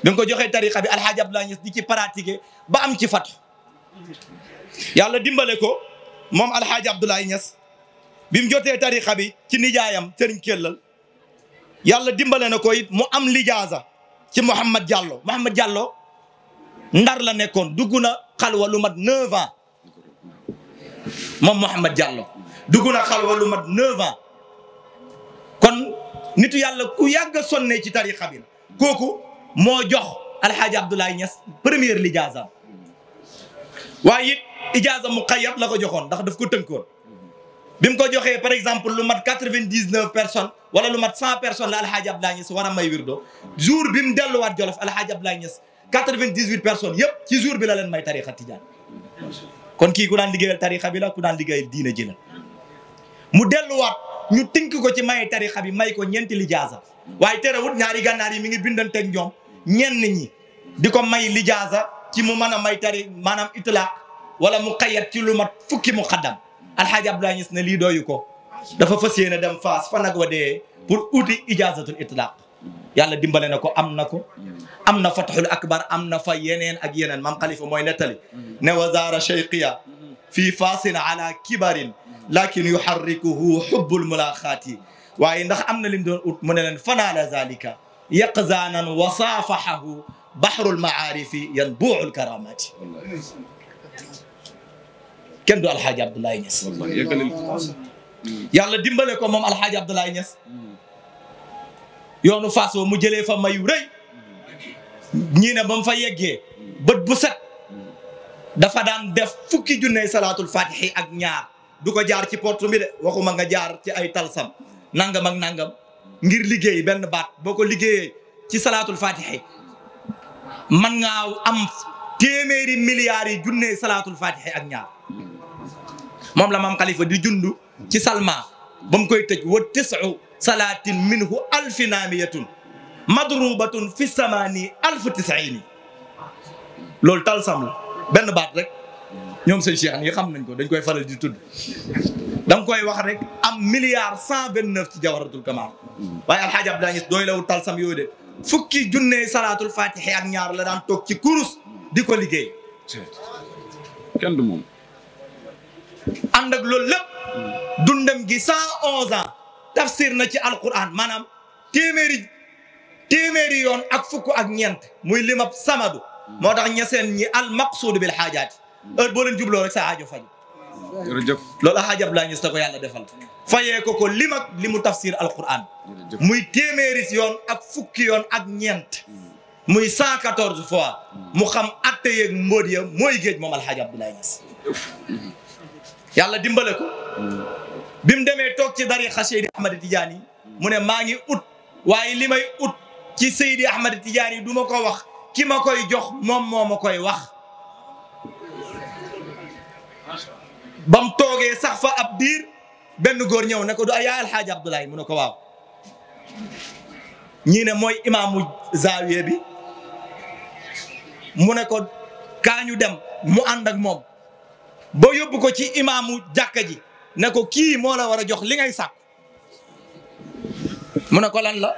bi nga ko joxee tariqa bi alxaaji Abdoulaye Niass di ci pratiquer ba am ci fat yàlla dimbale ko moom alxaaji Abdoulaye Niass bi mu jotee tariqa bi ci nijaayam sëriñ Kellal yàlla dimbale na ko it mu am lijaasa ci Mouhamad Diallo Mouhamad Diallo ndar la nekkoon dugg na xalwa lu mat 9 ans moom Mouhamad Diallo dugg na xalwa lu mat 9 kon nitu yàlla ku yàgg a sonne ci tariqa bi la kooku. moo jox alxaaji Abdoulaye Niass première lijaasa waaye it ijaasa mu xayyat la ko joxoon ndax daf ko tënkoon bi ko joxee par exemple lu mat quatre-vingt-dix-neuf personnes wala lu mat cent personnes la alxaaji Abdoulaye Niass war a may wirdo jour bi mu delluwaat Jolof alxaaji Abdoulaye Niass quatre-vingt-dix-huit personnes yëpp ci jour bi la leen may tarixa tijaan kon kii ku daan liggéeyal tarixa bi la ku daan liggéeyal diina ji la mu delluwaat ñu tënk ko ci may tarixa bi may ko ñeenti lijaasa waaye terewut ñaari gànnaar yi mi ngi bindanteeg ñoom ñenn ñi di ko may lijaasa ci mu mën a may tari maanaam itlaaq wala mu xayat ci lu mat fukki mu xaddam alxaaji Abdoulaye Niass ne lii dooyu ko dafa fas yéene dem faas fa nag wa dee pour uti ijaazatul itlaaq yàlla dimbale na ko am na ko am na fatxul akbar am na fa yeneen ak yeneen maam xalifa mooy nettali ne wazaara cheyqiya fii faasin ala kibarin lakin yuharrikuhu xubbul mulaaxaati waaye ndax am na lim doon ut mu ne leen fanaala zalika yaqzaanan wa saafaxahu baxrul maarifi yan buuxul karamaati kenn du alxaaji Abdoulaye Niass yàlla dimbale ko moom alxaaji Abdoulaye Niass yoonu Fass mu jëlee fa mayu rëy ñii ne ba mu fa yeggee bët bu set dafa daan def fukki junney salaatul faatihi ak ñaar du ko jaar ci porte bi de waxuma nga jaar ci ay talsam nangam ak nangam ngir liggéey benn baat boo ko liggéeye ci salaatul fatiha man ngaa am téeméeri milliards yi salaatu salaatul ak ñaar moom la maam Khalifa di jundu ci salma ba koy tëj wa tisu salaatin minhu alfi naamiyatun madrubatun fi samaani alfu tisaini loolu tal sam benn baat rek ñoom seen cheikh yi xam nañ ko dañ koy faral di tudd da nga koy wax rek am milliard cent vingt neuf ci jawharatul kamal waaye alxaaji Abdoulaye Niass dooy lawul talsam sam de fukki junne salaatul fatihi ak ñaar la daan toog ci kurus di ko liggéey kenn du moom ànd ak loolu lépp dundam gi cent onze ans na ci alquran maanaam téeméeri téeméeri yoon ak fukk ak ñeent muy limab samadu moo tax ñeseen ñi al maqsuud bil xaajaati heure boo leen sa aajo faju jërëjëf loolu xaajab laa gis da ko yàlla defal fayee ko ko lim ak li mu tafsir alquran muy téeméeri yoon ak fukki yoon ak ñeent muy cent quatorze fois mu xam atte yeeg mbóot ya mooy géej moom alxaaji Abdoulaye Niass yàlla dimbale ko mm. bi mu demee toog ci dari xa Seydi Ahmad Tidiane mu ne maa ngi ut waaye li may ut ci Seydi Ahmad Tidiane du ma ko wax ki ma koy jox moom moo ma koy wax ba mu toogee sax fa ab diir benn góor ñëw ne ko du ay ah, yaa alxaaji Abdoulaye mu ne ko waaw ñii ne mooy imaamu zaawiye bi mu ne ko kaañu dem mu ànd ak moom boo yóbbu ko ci imaamu jàkka ji ne ko kii moo la war a jox li ngay sàkk mu ne ko lan la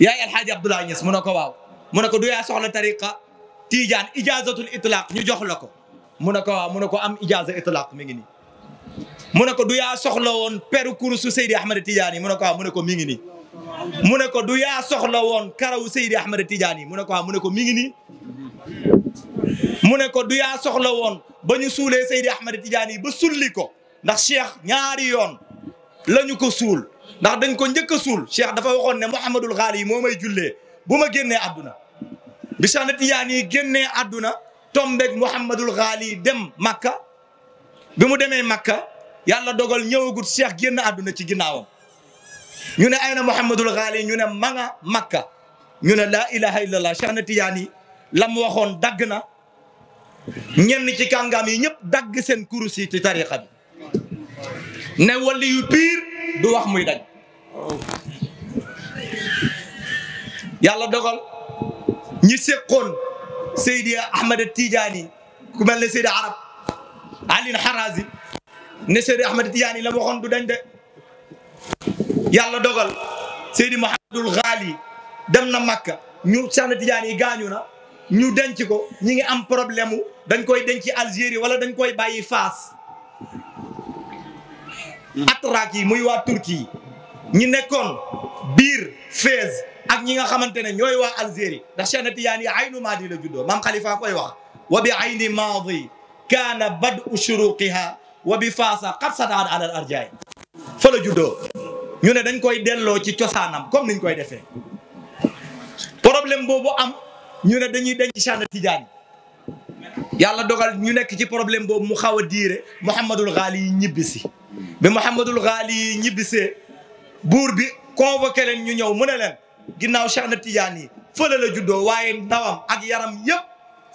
yaay alxaaji Abdoulaye Niass mu ne ko waaw mu ne ko du yaa soxla tariqa Tiijaan ijaazatul itlaq ñu jox la ko mu ne ko waaw mu ne ko am ijaaza itlaq mi ngi nii mu ne ko du yaa soxla woon peru kurusu Seydi Ahmed Tidiane mu ne ko waaw ah, mu ne ko mi ngi nii mu ne ko du yaa soxla woon karawu Seydi Ahmed Tidiane mu ne ko waaw ah, mu ne ko mi ngi nii mu ne ko du yaa soxla woon ba ñu suulee Seydi Ahmed Tidiane ba sulli ko ndax Cheikh ñaari yoon la ñu ko suul ndax dañ ko njëkk a suul Cheikh dafa waxoon ne Mouhamadul Xaali yi moo may jullee bu ma génnee àdduna bi Cheikh na Tidiane yi génnee àdduna tombeeg Mouhamadul Ghali dem Makka bi mu demee Makka yàlla dogal ñëwagut Cheikh génn àdduna ci ginnaawam ñu ne ay na Mouhamadul ñu ne ma nga Makka ñu ne laa ilaha illallah Cheikh na Tidiane la mu waxoon dagg na ñenn ci kàngaam yi ñëpp dagg seen kurus yi ci tariqa bi ne wali yu piir du wax muy daj yàlla dogal ñi seqoon Seydi Ahmed Tidiane ku mel ne Seydi Arab Alioune Harazi ne la waxoon du dañ de yàlla dogal Seydi Mouhamadul Ghali dem na Makka ñu Cheikh Tidiane yi gaañu na ñu denc ko ñi ngi am problème mu dañ koy denc Algérie wala dañ koy bàyyi Faas atrak yi muy waa Turquie ñi nekkoon biir Fès ak ñi nga xamante ne ñooy wax Algérie ndax Cheikh na Tidiane yi aynu maadi la juddoo maam Khalifa koy wax wa bi ayni maadi kaana badu shuruqiha wa bi faasa qad sadaat ala al arjaay fa la ñu ne dañ koy delloo ci cosaanam comme niñ koy defe problème boobu am ñu ne dañuy denc Cheikh na Tidiane yàlla dogal ñu nekk ci problème boobu mu xaw a diire Mouhamadul Ghali yi ñibbisi bi Mouhamadul buur bi convoqué leen ñu ñëw mu ne leen ginnaaw Cheikh na Tidiane yi fële la juddoo waaye ndawam ak yaram yëpp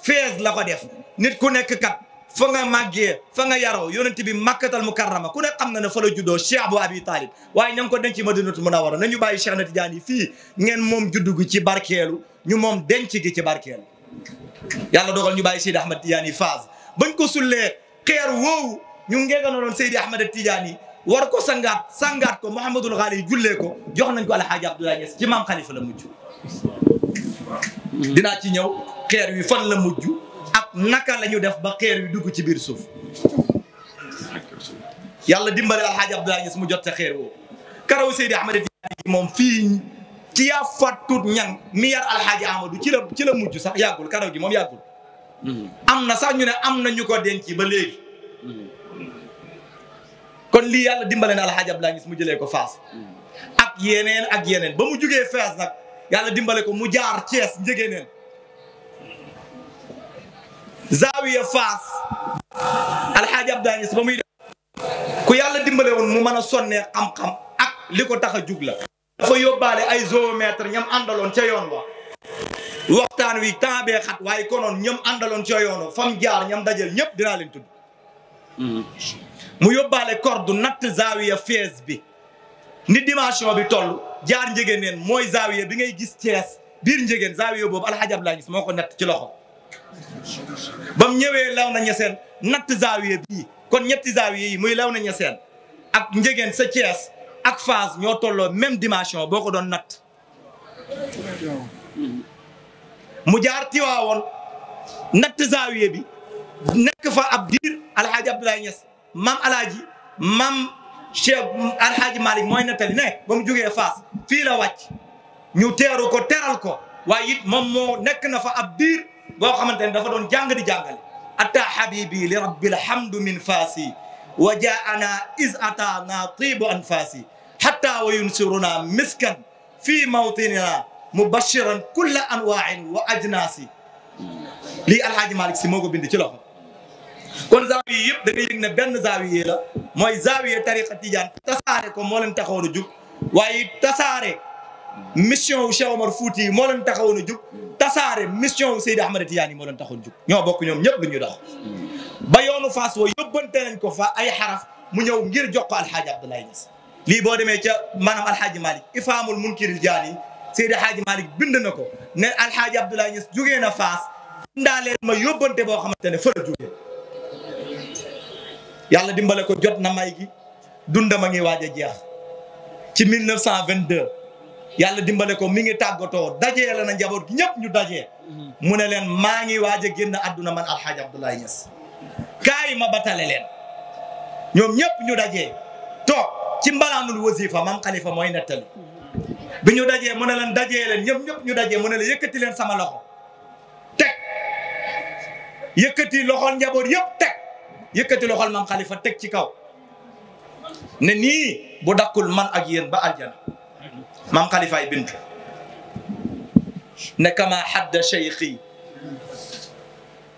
fees la ko def nit ku nekk kat fa nga màggee fa nga yaroo yonent bi makkatal mukarrama ku ne xam na ne fa la juddoo Cheikh Abou Abi Talib waaye ña ngi ko denc madinatul munawara nañu bàyyi Cheikh na Tidiane yi fii ngeen moom juddu gi ci barkeelu ñu moom denc gi ci barkeelu yàlla dogal ñu bàyyi Seydi Ahmad Tidiane yi phase bañ ko sullee xeer woowu ñu ngeenganaloon Seydi Ahmad Tidiane yi war ko sangaat sangaat ko Mouhamadul Xaali jullee ko jox nañ ko alxaaji Abdoulaye Niass ci maam Khalifa la mujj dinaa ci ñëw xeer wi fan la mujj ak naka la ñu def ba xeer wi dugg ci biir suuf yàlla dimbale alxaaji Abdoulaye Niass mu jot sa xeer woo karaw Seydi Ahmed moom fii ci yaa fattut ñang mi yar alxaaji Amadou ci la ci la mujj sax yàggul karaw gi moom yàggul mm-hmm. am na sax ñu ne am na ñu ko denc ba léegi mm-hmm. kon lii yàlla dimbale na alxaaji Abdoulaye Niass mu jëlee ko Fass ak yeneen ak yeneen ba mu jugee Fass nag yàlla dimbale ko mu jaar Thiès njëgeeneen zaawiya Fass alxaaji Abdoulaye Niass ba muy ku yàlla dimbale woon mu mën a sonnee xam ak li ko tax a jug la dafa yóbbaale ay géomètre ñam àndaloon ca yoon wa waxtaan wi temps bee xat waaye konoon ñam àndaloon ca yoon wa fam jaar ñam dajal ñëpp dinaa leen tudd mu yóbbaale corde natt zaawiya fees bi ni dimension bi toll jaar njëgëneen mooy zaawiya bi ngay gis Cees biir njëgën zaawiya boobu alxajab laa gis moo ko natt ci loxo ba ñëwee law na ñeseen natt zaawiya bii kon ñetti zaawiya yi muy law na ñeseen ak njëgën sa Cees ak Faas ñoo tolloo même dimension boo ko doon natt mu jaar Tiwaawoon natt zaawiya bi nekk fa ab diir alhaaji Abdoulaye Niass maam alhaaji maam cheikh alhaaji Malick mooy nettali ne ba mu jógee Fass fii la wàcc ñu teeru ko teral ko waaye it moom moo nekk na fa ab diir boo xamante ne dafa doon jàng di jàngale ataa habibi li rabbil hamdu min faasi wa jaana is ataana tibu anfaasi hatta wa yunsuruna miskan fi mawtinina mubashiran kulla anwaain wa ajnaasi lii alhaaji Malick si moo ko bind ci loxo kon zaawiye yëpp da nga yëg ne benn zaawiye la mooy zaawiye tariqa tijaan tasaare ko moo leen taxawoon a jug waaye tasaare mission wu Cheikh Omar Fouti yi moo leen taxawoon a jug tasaare mission wu Seydi Ahmada Tijaan yi moo leen taxawoon jug ñoo bokk ñoom ñëpp lu dox ba yoonu Fass wa yóbbante nañ ko fa ay xaraf mu ñëw ngir jox ko alxaaji Abdoulaye Niass lii boo demee ca maanaam alxaaji Malick ifaamul munkiril jaani Seydi Alxaaji Malick bind na ko ne alxaaji Abdoulaye Niass jugee na Fass ndaaleen ma yóbbante boo xamante ne fa la jugee yàlla dimbale ko jot na may gi dundam a ngi waaj a jeex ci 1922 yàlla dimbale ko mi ngi tàggatoo dajee la na njaboot gi ñëpp ñu dajee mhm. mu ne leen maa ngi waaj a génn àdduna man alxaaj Abdoulaye Niass kaay ma batale leen ñoom ñëpp ñu dajee toog ci mbalaanul wasifa maam xalifa mooy nettali mhm. bi ñu dajee mu ne leen dajee leen ñëpp ñëpp ñu dajee mu ne la yëkkati leen sama loxo teg yëkkati loxo njaboot yëpp teg yëkkati loxol maam xalifa teg ci kaw ne nii bu dakkul man ak yéen ba aljana maam xalifaay bintu ne kama xadda cheikhi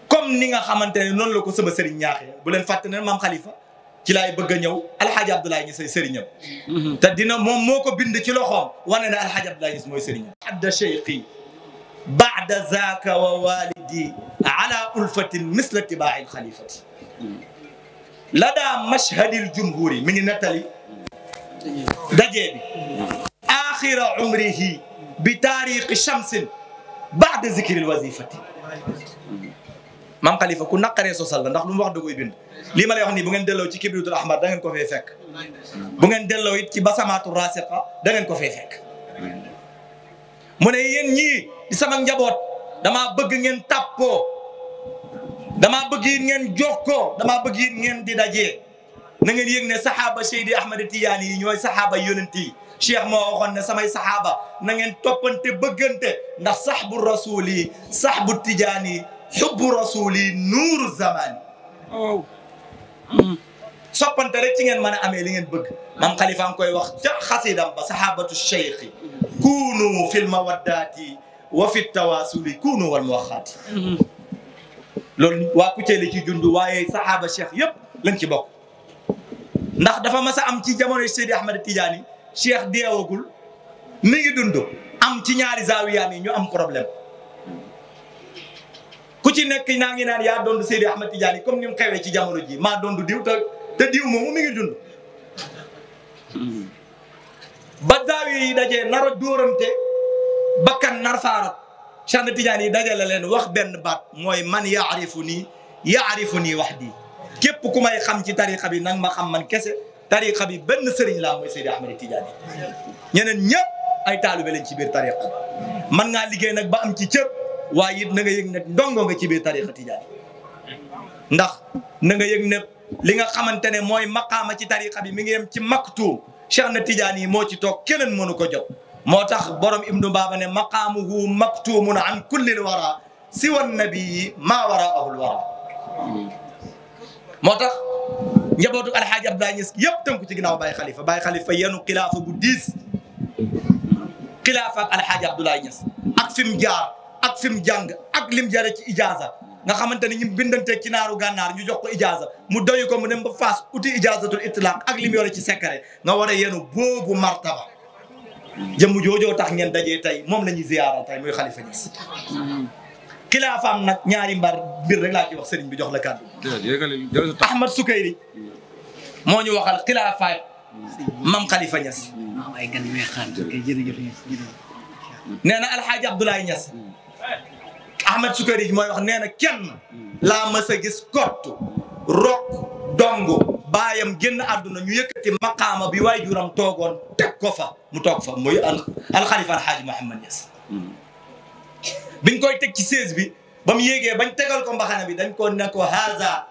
comme ni nga xamante ne noonu la ko sama sëriñ ñaaxee bu leen fàtte ne maam xalifa ci laay bëgg a ñëw alxaaji abdoulaye ñi say sëriñam mhm. te dina moom moo ko bind ci loxoom wane ne alxaaji abdoulaye ñi mooy sëriñam xadda cheikhi baada zaaka wa walidi ala ulfatin misla tibaail xalifati la daa mashhadil jumhuri mi ngi nettali dajee bi axira umrihi bi taariqi shamsin baada zikril wazifati maam Khalifa ku naqaree sosal la ndax lu mu wax da koy lii ma lay wax bu ngeen delloo ci kibritul ahmar da ngeen ko fay fekk bu ngeen ci basamaatu rasiqa da ngeen ko fay mu ne yéen ñii di sama njaboot damaa bëgg ngeen tàppoo damaa bëgg yit ngeen jokkoo damaa bëgg yit ngeen di dajee na ngeen yëg ne saxaaba Seydi Ahmed Tidiane yi ñooy saxaaba yonent yi cheikh moo waxoon ne samay saxaaba na ngeen toppante bëggante ndax saxbu rasul yi saxbu Tidiane yi xubbu rasul yi nuuru zaman oh. soppante rek ci ngeen mën a amee li ngeen bëgg maam xalifa ngi koy wax ca xasidam ba saxaabatu cheikh kuunu fil mawaddati wa fi tawasuli kuunu wal muwaxaati mm-hmm. loolu waa Kucce li ci jundu waaye saxaaba cheikh yëpp lañ ci bokk ndax dafa mas a am ci jamono Seydi Ahmed Tidiane cheikh deewagul mi ngi dund am ci ñaari zaawiyaam yi ñu am problème ku ci nekk naa ngi naan yaa doon Seydi Ahmed Tidiane comme ni mu xewee ci jamono ji maa doon diw te te diw moomu mi ngi dund. ba zaawiya yi dajee nar a dóorante bakkan nar faarat Cheikh na Tijaan yi dajale leen wax benn baat mooy man yaarifu nii yaarifu nii wax di képp ku may xam ci tariqa bi nag ma xam man kese tariqa bi benn sëriñ laa mooy Seydi Ahmed Tidiane ñeneen ñëpp ay taalibe lañ ci biir tariqa man ngaa liggéey nag ba am ci cër waaye it na nga yëg ne ndongo nga ci biir tariqa Tidiane ndax na nga yëg ne li nga xamante ne mooy maqaama ci tariqa bi mi ngi yem ci maktuum Cheikh na Tidiane yi moo ci toog keneen mënu ko jot moo tax borom ibnu baaba ne maqaamuhu maktumun an kullil wara siwa ma maa waraahul wara moo tax njabootu alxaaji Abdoulaye Niass yëpp tënku ci ginnaaw Baye Khalifa Baye Khalifa yenu xilaafa bu diis xilaafa ak alxaaji Abdoulaye ak fi mu jaar ak fi mu jàng ak lim jare ci ijaaza nga xamante ni ñu bindante ci naaru gànnaar ñu jox ko ijaaza mu doy ko mu dem ba faas uti ijaazatul itlaq ak lim yore ci secret nga war a yenu boobu martaba jëmm joojoo tax ngeen daje tey moom la ñuy ziyaara tey muy xalifa Niass xilaafaam ñaari mbar mbir rek laa ci wax bi jox la kàddu Ahmad Sukayri moo ñu waxal xilaafaay mam xalifa Niass nee na alxaaji Abdoulaye Niass Ahmad Sukayri mooy wax nee na kenn laa mës a gis kott rok dong baayam génn àdduna ñu yëkkati maqaama bi waajuram toogoon teg ko fa mu toog fa muy alxalifa alxaaji Mouhamad Niass koy teg ci seize bi ba mu yéegee bañ tegal ko mbaxana bi dañ ko ne ko haza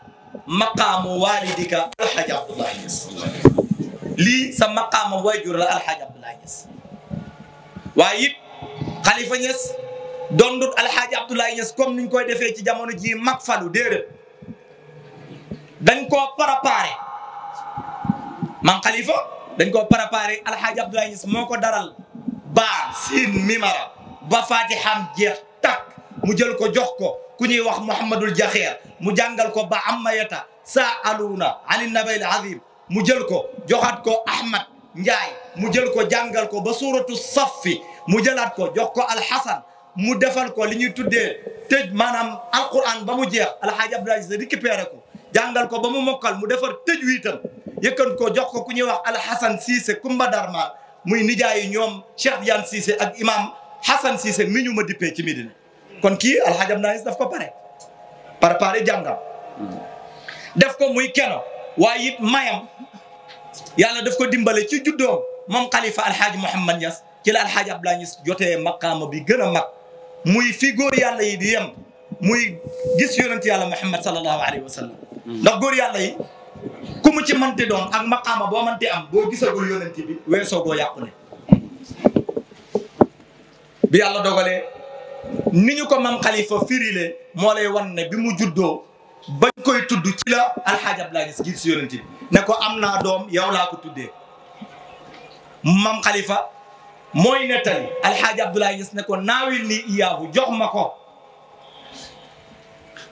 maqaamu walidika alxaaji Abdoulaye Niass lii sa maqaamu waajur la alxaaji Abdoulaye Niass waaye it xalifa Niass dondut alxaaji Abdoulaye niñ koy defee ci jamono ji mag falu déedéet dañ man xalifa dañ koo préparé alxaaji Abdoulaye Niass moo ko daral baa siin mimara ba fatiham jeex tak mu jël ko jox ko ku ñuy wax mouhamadul jaxeer mu jàngal ko ba ammayata saaluuna ani nabil azim mu jël ko joxaat ko ahmad njaay mu jël ko jàngal ko ba suratu saffi mu jëlaat ko jox ko alxasan mu defal ko li ñuy tuddee tëj maanaam alquran ba mu jeex alxaaji Abdoulaye Niass récupéré ko jàngal ko ba mu mokkal mu defar tëj wiitam yëkkan ko jox ko ku ñuy wax alxasan siise kumba darma muy nijaay ñoom Cheikh Diane siise ak imam xasan siise mi ñu ma dippee ci Medina kon kii alxaaj Abdou Aziz def ko pare préparé jàngam def ko muy keno waaye it mayam yàlla def ko dimbale ci juddoom moom xalifa alxaaj Mouhamad Niass ci la alxaaj Abdou Aziz jotee makkaama bi gën a mag muy fi góor yàlla yi di yem muy gis yonent yàlla Muhammad sallallahu alayhi wa sallam ndax góor yi ku mu ci mënti doon ak maqaama boo mënti am boo gisagul yonent bi weesoo boo yàqu ne bi yàlla dogalee ni ñu ko mam xalifa firile moo lay wan bi mu juddoo ba koy tudd ci la alxaaj Abdoulaye Niass gis yonent bi ne ko am naa doom yow laa ko tuddee mam xalifa mooy nettali alxaaj Abdoulaye Niass ne ko naawil nii iyaahu jox ma ko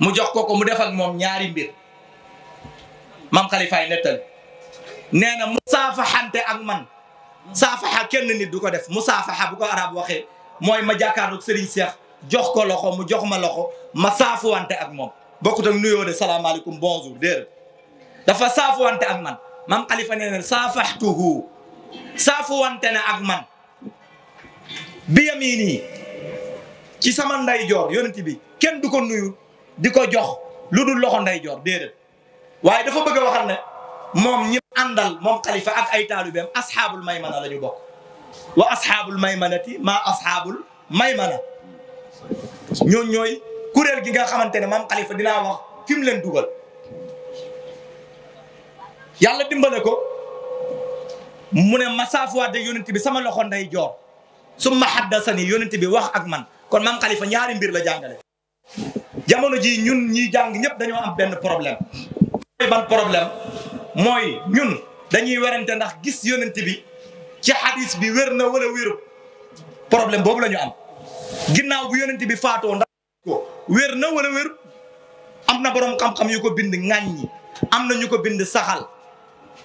mu jox ko ko mu def ak moom ñaari mbir maam xalifaay nettali nee na musaafaxante ak man saafaxa kenn nit du ko def mu musaafaxa bu ko arab waxee mooy ma jàkkaarloog Serigne Cheikh jox ko loxo mu jox ma loxo ma saafuwante ak moom bokkut ak nuyoo de salaamaaleykum bonjour déedéet dafa saafuwante ak man maam xalifa nee na saafaxtuhu saafuwante na ak man bi yamiini ci sama ndeyjoor yonent bi kenn du ko nuyu di ko jox lu dul loxo ndeyjoor déedéet waaye dafa bëgg a waxal ne moom ñi àndal moom xalifa ak ay taalubeem asxaabul maymana la ñu bokk wa asxaabul maymanati maa asxaabul maymana ñoo ñooy kuréel gi nga xamante ne maam xalifa dina wax fi mu leen dugal yàlla dimbale ko mu ne ma saafuwaat ak yonent bi sama loxo nday joor su ma xaddasani yonent bi wax ak man kon maam xalifa ñaari mbir la jàngale jamono ji ñun ñiy jàng ñépp dañoo am benn problème ban problème mooy ñun dañuy werante ndax gis yonent bi ci xadis bi wér na wala wéru problème boobu la ñu am ginnaaw bu yonent bi faatoo ndax ko na wala wéru am na boroom xam-xam yu ko bind ŋàññi am na ñu ko bind saxal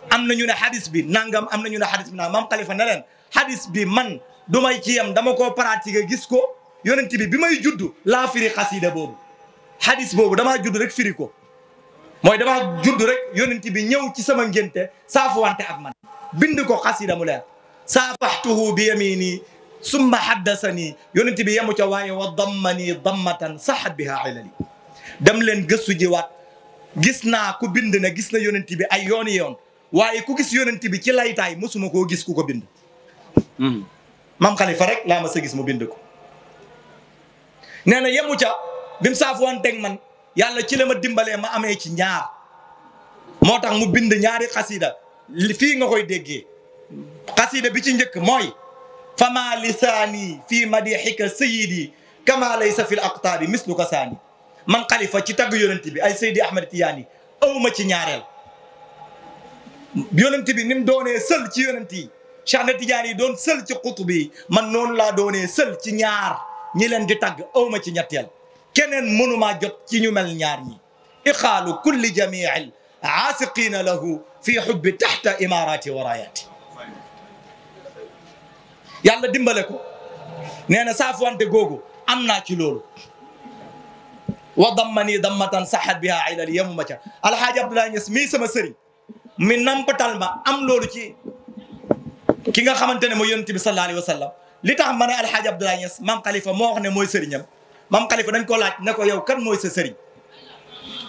am na ñu ne xadis bi nangam am na ñu ne xadis bi nangam maam xalifa ne leen xadis bi man du may ci yam dama koo pratiquer gis ko yonent bi bi may judd la firi xasida boobu xadis boobu damaa judd rek firi ko mooy damaa judd rek yonent bi ñëw ci sama gënte saafu wante ak man bind ko xasida mu leer saafaxtuhu bi yamini summa haddasani bi yemu ca waaye wa dammani dammatan saxat biha ilali dem leen gëstu jiwaat gis naa ku bind ne gis na yonent bi ay yooni yoon waaye ku gis yonent bi ci laytaay mosuma koo gis ku ko bind mam hmm. xalifa rek laa ma sa mu bind ko nee na yemu bi mu saafu man yàlla ci la ma dimbalee ma amee ci ñaar moo tax mu bind ñaari xasida fii nga koy déggee xasida bi ci njëkk mooy fama lisaani fii madixika sayidi kama laysa fi l aqtaabi misluka saani man xalifa ci tagg yonent bi ay saydi ahmed tiyaani awma ci ñaareel yonent bi ni mu doonee sël ci yonent yi Cheikh Ahmed Tidiane yi doon sël ci xutub yi man noonu laa doonee sël ci ñaar ñi leen di tagg awma ci ñetteel keneen mënumaa jot ci ñu mel ñaar ñi iqaalu kulli jamiil aasiqiina lahu fi xubbi taxta imarati wa rayaati yàlla dimbale ko nee na saafwante googu am naa ci loolu wa dammanii dammatan saxat biha ilal yemuma ca alhaaji abdoulaye ñes mii sama sëriñ mi nampatal ma am loolu ci ki nga xamante ne mooy yonent bi sallallahu alayhi wa sallam li tax ma ne alhaaji abdoulaye ñes maam xalifa moo wax ne mooy sëriñam maam xalifa dañ ko laaj ne ko yow kan mooy sa sëriñ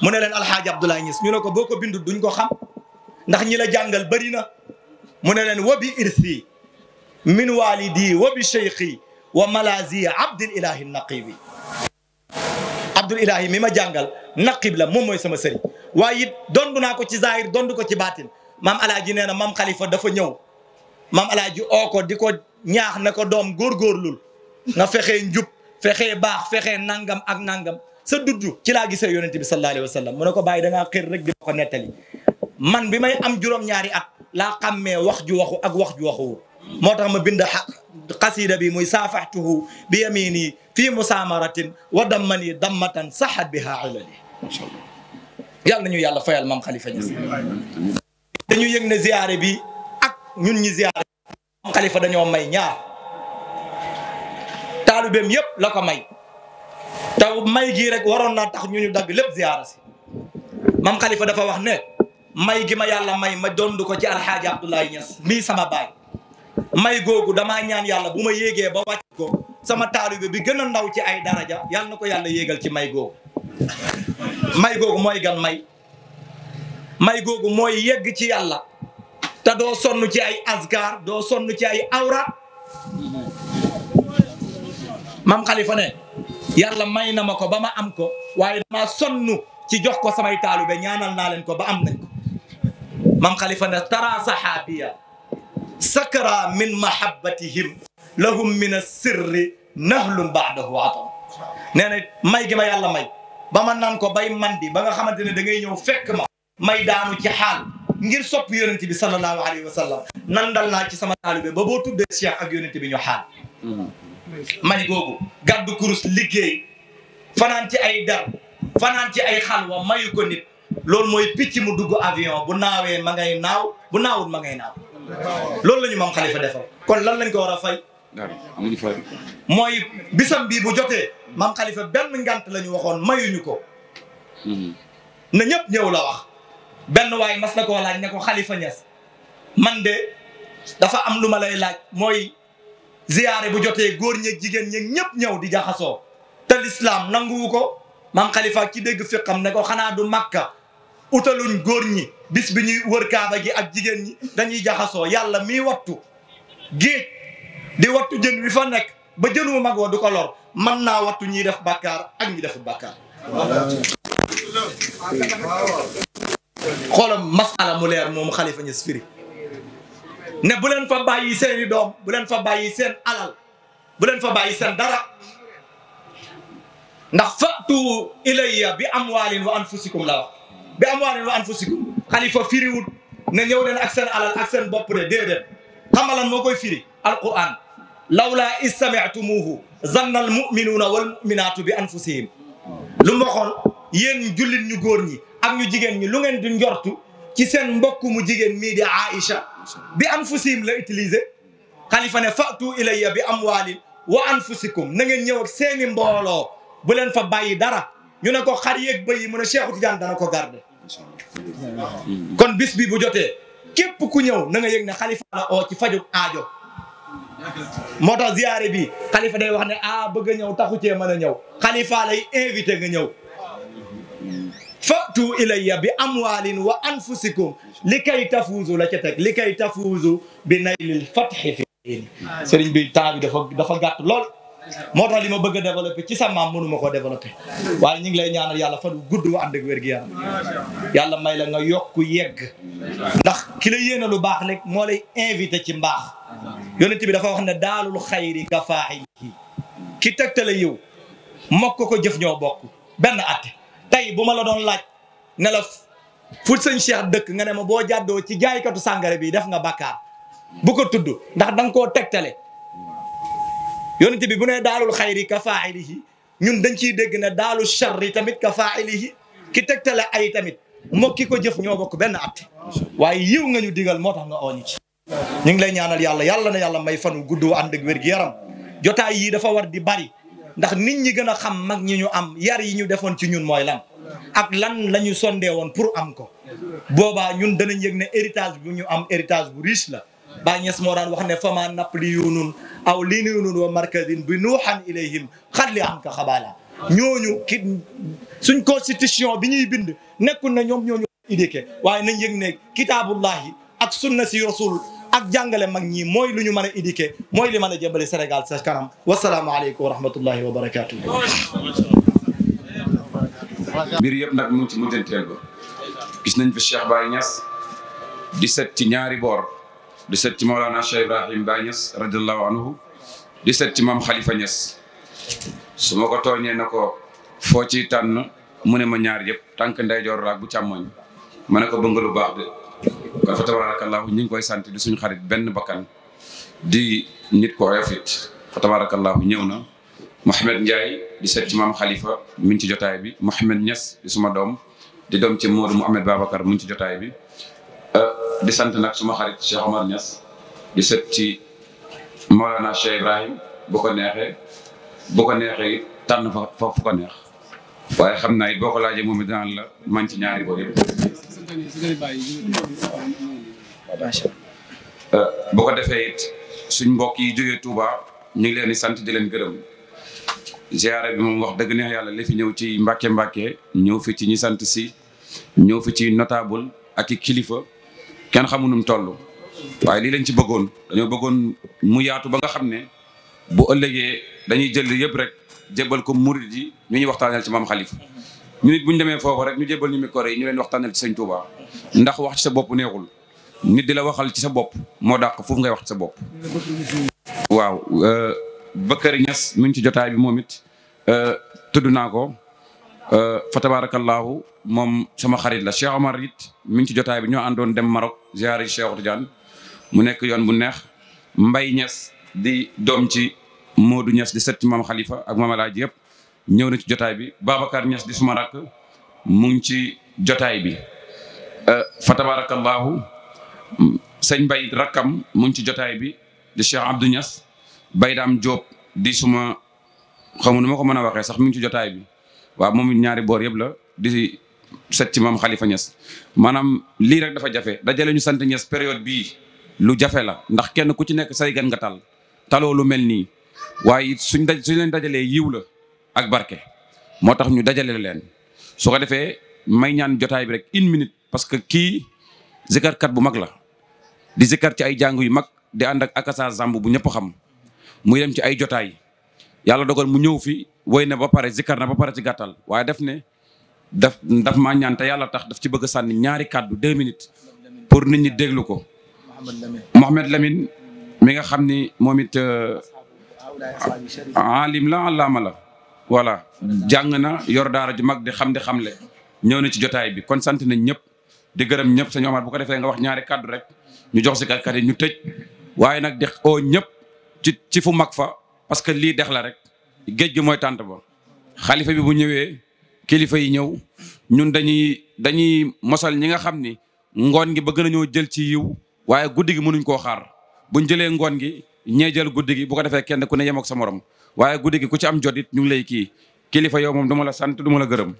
mu ne leen alxaaji Abdoulaye Niass ñu ne ko boo ko bindul duñ ko xam ndax ñi la jàngal bëri na mu ne leen wa bi irsi min walidi wa bi cheikhi wa malazi abdul ilahi naqibi abdul ilahi mi ma jàngal naqib la moom mooy sama sëriñ waaye it dondu naa ko ci zahir dondu ko ci baatin maam alaaji nee na maam dafa ñëw maam alaaji oo ko di ko ñaax ne ko doom góorgóorlul nga fexee njub fexee baax fexee nangam ak nangam sa dudd ci laa gisee yonente bi sallallahu alayhi wa sallam mu ne ko bàyyi da ngaa xër rek di ma ko nettali man bi may am juróom-ñaari at laa xàmmee wax ju waxu ak wax ju waxu moo tax ma bind xasida bi muy saafaxtuhu bi yamini fii musaamaratin wa dammani dammatan saxat bi ilali yàlla nañu yàlla fayal maam Khalifa Niass dañu yëg ne bi ak ñun may ñaar taalibeem yëpp la ko may te may gii rek waroon naa tax lépp ziyaara si mam xalifa dafa ne may gi ma yàlla may ma dond ko ci alxaaji Abdoulaye Niass mii sama baay may googu dama ñaan yàlla bu ma yéegee ba wàcc ko sama taalibe bi gën a ndaw ci ay daraja yàlla na ko yàlla yéegal ci may googu may googu mooy gan may may googu mooy yegg ci yàlla te doo sonn ci ay asgar doo sonn ci ay awra maam xalifa ne yàlla may na ma ko ba ma am ko waaye dama sonn ci jox ko samay taalu be ñaanal naa leen ko ba am nañ ko maam xalifa ne tara saxaabiya sakra min mahabbatihim lahum min assirri nahlun baadahu atam nee na may gi ma yàlla may ba ma nan ko bay mandi ba nga xamante ne da ngay ñëw fekk ma may daanu ci xaal ngir sopp yonent bi sallallahu alayhi wa sallam nan dal naa ci sama taalu be ba boo tuddee cheikh ak yonent bi ñu xaal mm. may googu gàddu kurus liggéey fanaan ci ay dar fanaan ci ay xalwa mayu ko nit loolu mooy picc mu dugg avion bu naawee ma ngay naaw bu naawul ma naaw loolu la ñu maam xalifa defal kon lan lañ ko war a fay mooy bisam bii bu jotee maam xalifa benn ngant la ñu waxoon mayuñu ko mhm. na ñëpp ñëw la wax benn waaye mas na koo laaj ko xalifa ñes man de dafa am lu ma lay laaj mooy ziyaare bu jotee góor ñeeg jigéen ñeeg ñëpp ñëw di jaxasoo te lislaam nanguwu ko maam xalifa ci dégg fiqam ne ko xanaa du makka utaluñ góor ñi bis bi ñuy wër kaaba gi ak jigéen ñi dañuy jaxasoo yàlla mii wattu géej di wattu jën wi fa nekk ba jën wu mag wa du ko lor mën naa wattu ñiy def bàkkaar ak ñi deful bàkkaar xoolam masala mu leer moom xalifa ñas firi ne bu leen fa bàyyi seeni doom bu leen fa bàyyi seen alal bu leen fa bàyyi seen dara ndax fatu ilayya bi amwaalin wa anfusikum la wax bi amwaalin wa anfusikum xalifa firiwut ne ñëw leen ak seen alal ak seen bopp de déedéet xamalan moo koy firi alquran lawla is sami'tumuhu zanna al mu'minuuna wal mu'minaatu bi anfusihim lu mu waxoon yéen jullit ñu góor ñi ak ñu jigéen ñi lu ngeen di njortu ci seen mbokk mu jigéen mii di Aïcha bi anfusihim la utiliser xalifa ne fatu ilayya bi amwaalin wa anfusikum na ngeen ñëw ak seeni mbooloo bu leen fa bàyyi dara ñu ne ko xar yeeg bëy yi mu ne Cheikhu Tidiane dana ko garder kon bis bi bu jotee képp ku ñëw na nga yëg ne xalifa la oo ci fajug aajo moo tax ziyaare bi xalifa day wax ne a ah, bëgg a ñëw taxu cee mën a ñëw xalifa lay invité nga ñëw bi amwaalin wa anfusikum li kay tafuuzu la ca teg li tafuuzu bi naylil fatxi fi sëriñ bi temps bi dafa dafa gàtt lool moo tax li ma bëgg a développé ci sa maam mënuma koo développé waaye ñu ngi lay ñaanal yàlla fan gudd wa ànd ak wér gi yaram yàlla may la nga yokku yegg ndax ki la yéene lu baax rek moo lay invité ci mbaax yonent bi dafa wax ne daalul xayri ka faaxilihi ki teg tegtale yow mokk ko jëf ñoo bokk benn at tey bu ma la doon ne la fu sëñ Cheikh dëkk nga ne ma boo jàddoo ci jaaykatu sàngara bii def nga bàkkaar bu ko tudd ndax da nga koo tegtale yonent bi bu ne daalul xayri ka faa'ilihi ñun dañ ciy dégg ne daalu charri tamit ka faa'ilihi ki tegtale ay tamit moo ki ko jëf ñoo bokk benn at waaye yiw nga ñu digal moo tax nga ñu ci ñu ngi lay ñaanal yàlla yàlla na yàlla may fanu gudd wa am ak wér gi yaram jotaay yii dafa war di bari ndax nit ñi gën a xam mag ñi ñu am yar yi ñu defoon ci ñun mooy lan ak lan la ñu sondee woon pour am ko boobaa ñun danañ yëg ne héritage bu ñu am héritage bu riche la Baay Ñas moo wax ne fama napli yunun aw lii nuyunun wa markadin bi nuuxan ilayhim xatli am ka xabaala ñooñu ki suñ constitution bi ñuy bind nekkul na ñoom ñooñu idéke waaye nañ yëg ne kitaabullahi ak sunna si rasul ak jàngale mag ñi mooy lu ñu mën a éduquer mooy li mën a jëmbale Sénégal sa kanam wasalaamualeykum wa rahmatullahi wa barakaatu. mbir yëpp nag mu ngi ci mujjanteel ba gis nañ fi Cheikh Baye Niass di set ci ñaari boor di set ci Maolana Cheikh Ibrahim Baye Niass radiallahu anhu di set ci maam Khalifa Niass su ma ko tooñee na ko foo ci tànn mu ne ma ñaar yëpp tànk ndeyjoor laak bu càmmoñ ma ne ko bëgg lu baax de kon fa tabarakallahu ñu ngi koy sant du suñ xarit benn bakkan di nit ko woyof it fa ñëw na Mouhamed Ndiaye di seet ci maam Khalifa mi ngi ci jotaay bi Mouhamed Niass suma doom di doom ci Modou Mouhamed Babacar mu ngi ci jotaay bi euh, di sant nag suma xarit Cheikh Omar Niass di set ci Mawlana Cheikh Ibrahim bu ko neexee bu ko neexee tànn fa fa neex waaye xam naa it boo ko laajee moom it daan la man ci ñaari boor yëpp. Euh, ko defee it suñ mbokk yi jógee Touba ñu ngi leen di sant di leen gërëm. ziyaara bi moom wax dëgg neex yàlla li fi ñëw ci mbàkke mbàkke ñëw fi ci ñi sant si ñëw fi ci notable ak i kilifa kenn xamu nu mu toll waaye lii lañ ci bëggoon dañoo bëggoon mu yaatu ba nga xam ne boo ëllëgee dañuy jël yëpp rek jëbal ko murid yi ñu ñuy waxtaanal ci maam xalifa ñu nit bu demee foofu rek ñu jëbal ñu micro yi ñu leen waxtaanal ci sañ Touba ndax wax ci sa bopp neexul nit di la waxal ci sa bopp moo dàq foofu ngay wax ci sa bopp waaw euh, Bakary Niass mi ngi ci jotaay bi moom it euh, tudd naa ko euh, fa tabaarakallaahu moom sama xarit la Cheikh Omar it mi ngi ci jotaay bi ñoo àndoon dem Maroc ziari Cheikh Tidiane mu nekk yoon bu neex Mbaye Niass di doom ci Modou Niass di sët ci maam ak maam yëpp ñëw na ci jotaay bi Babacar Niass di suma rakk mu ngi ci jotaay bi euh, fa tabaarakallaahu sëñ mbay rakkam mu ngi ci jotaay bi di Cheikh Abdou Niass daam Diop di suma xamu nu ma ko mën a waxee sax mu ngi ci jotaay bi waa moom ñaari boor yëpp la di set ci maam xalifa Niass maanaam lii rek dafa jafe dajale ñu sant Niass période bii lu jafe la ndax kenn ku ci nekk say gan nga tal taloo lu mel nii waaye suñ daj suñ leen dajalee yiw la ak barke moo tax ñu dajalee leen su ko defee may ñaan jotaay bi rek une minute parce que kii zikarkat bu mag la di zikar ci ay jàng yu mag di ànd ak akasa zamb bu ñëpp xam muy dem ci ay jotaay yàlla dogal mu ñëw fi woy na ba pare zikkar na ba pare ci gàttal waaye def ne daf daf maa ñaan te yàlla tax daf ci bëgg sànni ñaari kàddu deux minutes pour nit ñi déglu ko. Mohamed Lamine mi nga xam ni moom it euh, alim la allaama la voilà jàng na yor daara ju mag di xam di le ñëw na ci jotaay bi kon sant nañ ñëpp di gërëm ñëpp sëñ Omar bu ko defee nga wax ñaari kàddu rek ñu jox si kàddu yi ñu tëj waaye nag ñëpp. ci fu mag fa parce que lii dex la rek géej gi mooy tànt ba xalifa bi bu ñëwee kilifa yi ñëw ñun dañuy dañuy mosal ñi nga xam ni ngoon gi bëgg nañoo jël ci yiw waaye guddi gi mënuñ koo xaar buñ jëlee ngoon gi ñee jël guddi gi bu ko defee kenn ku ne yem ak sa morom waaye guddi gi ku ci am jotit it ñu ngi lay kii kilifa yow moom du la sant du ma la gërëm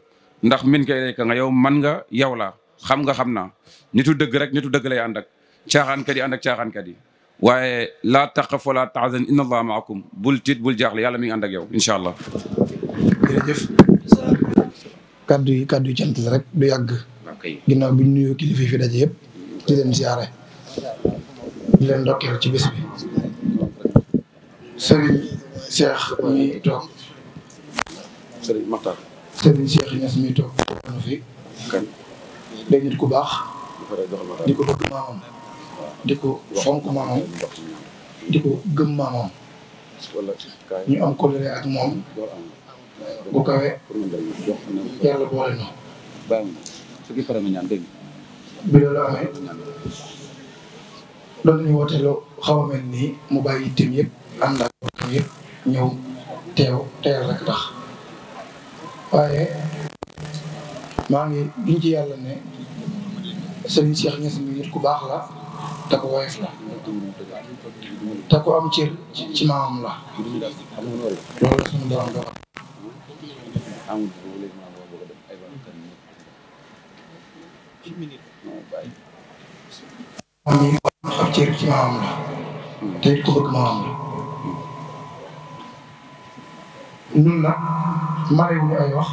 ndax min koy rek nga yow man nga yow la xam nga xam naa nitu dëgg rek ñutu dëgg lay ànd ak caaxaankat yi ànd ak yi waaye laa taqaf wala tahzan inna allaha maakum bul tiit bul jaaxle yàlla mi ngi ànd ak yow incha allah. jërëjëf. kaddu yi rek du yàgg. ginnaaw bi ñu nuyoo kilifa fi daje yëpp. di leen ziare. di leen ndokkeel ci bés bi. Serigne mi toog. Serigne Makhtar. mi toog. fi. kan. ku baax. di ko fonk maamam di ko gëm ñu am kóllëre ak moom bu kawe yàlla boole na. bi amee doon nañu woote lu xaw a mel nii mu bàyyi itam yëpp am na woote yëpp ñëw teew teel rek tax waaye maa ngi giñ yàlla ne Serigne Cheikh Niass mi nit ku baax la. te ku woyof la te ku am cër ci maamam te it ku bëgg la ñun nag ay wax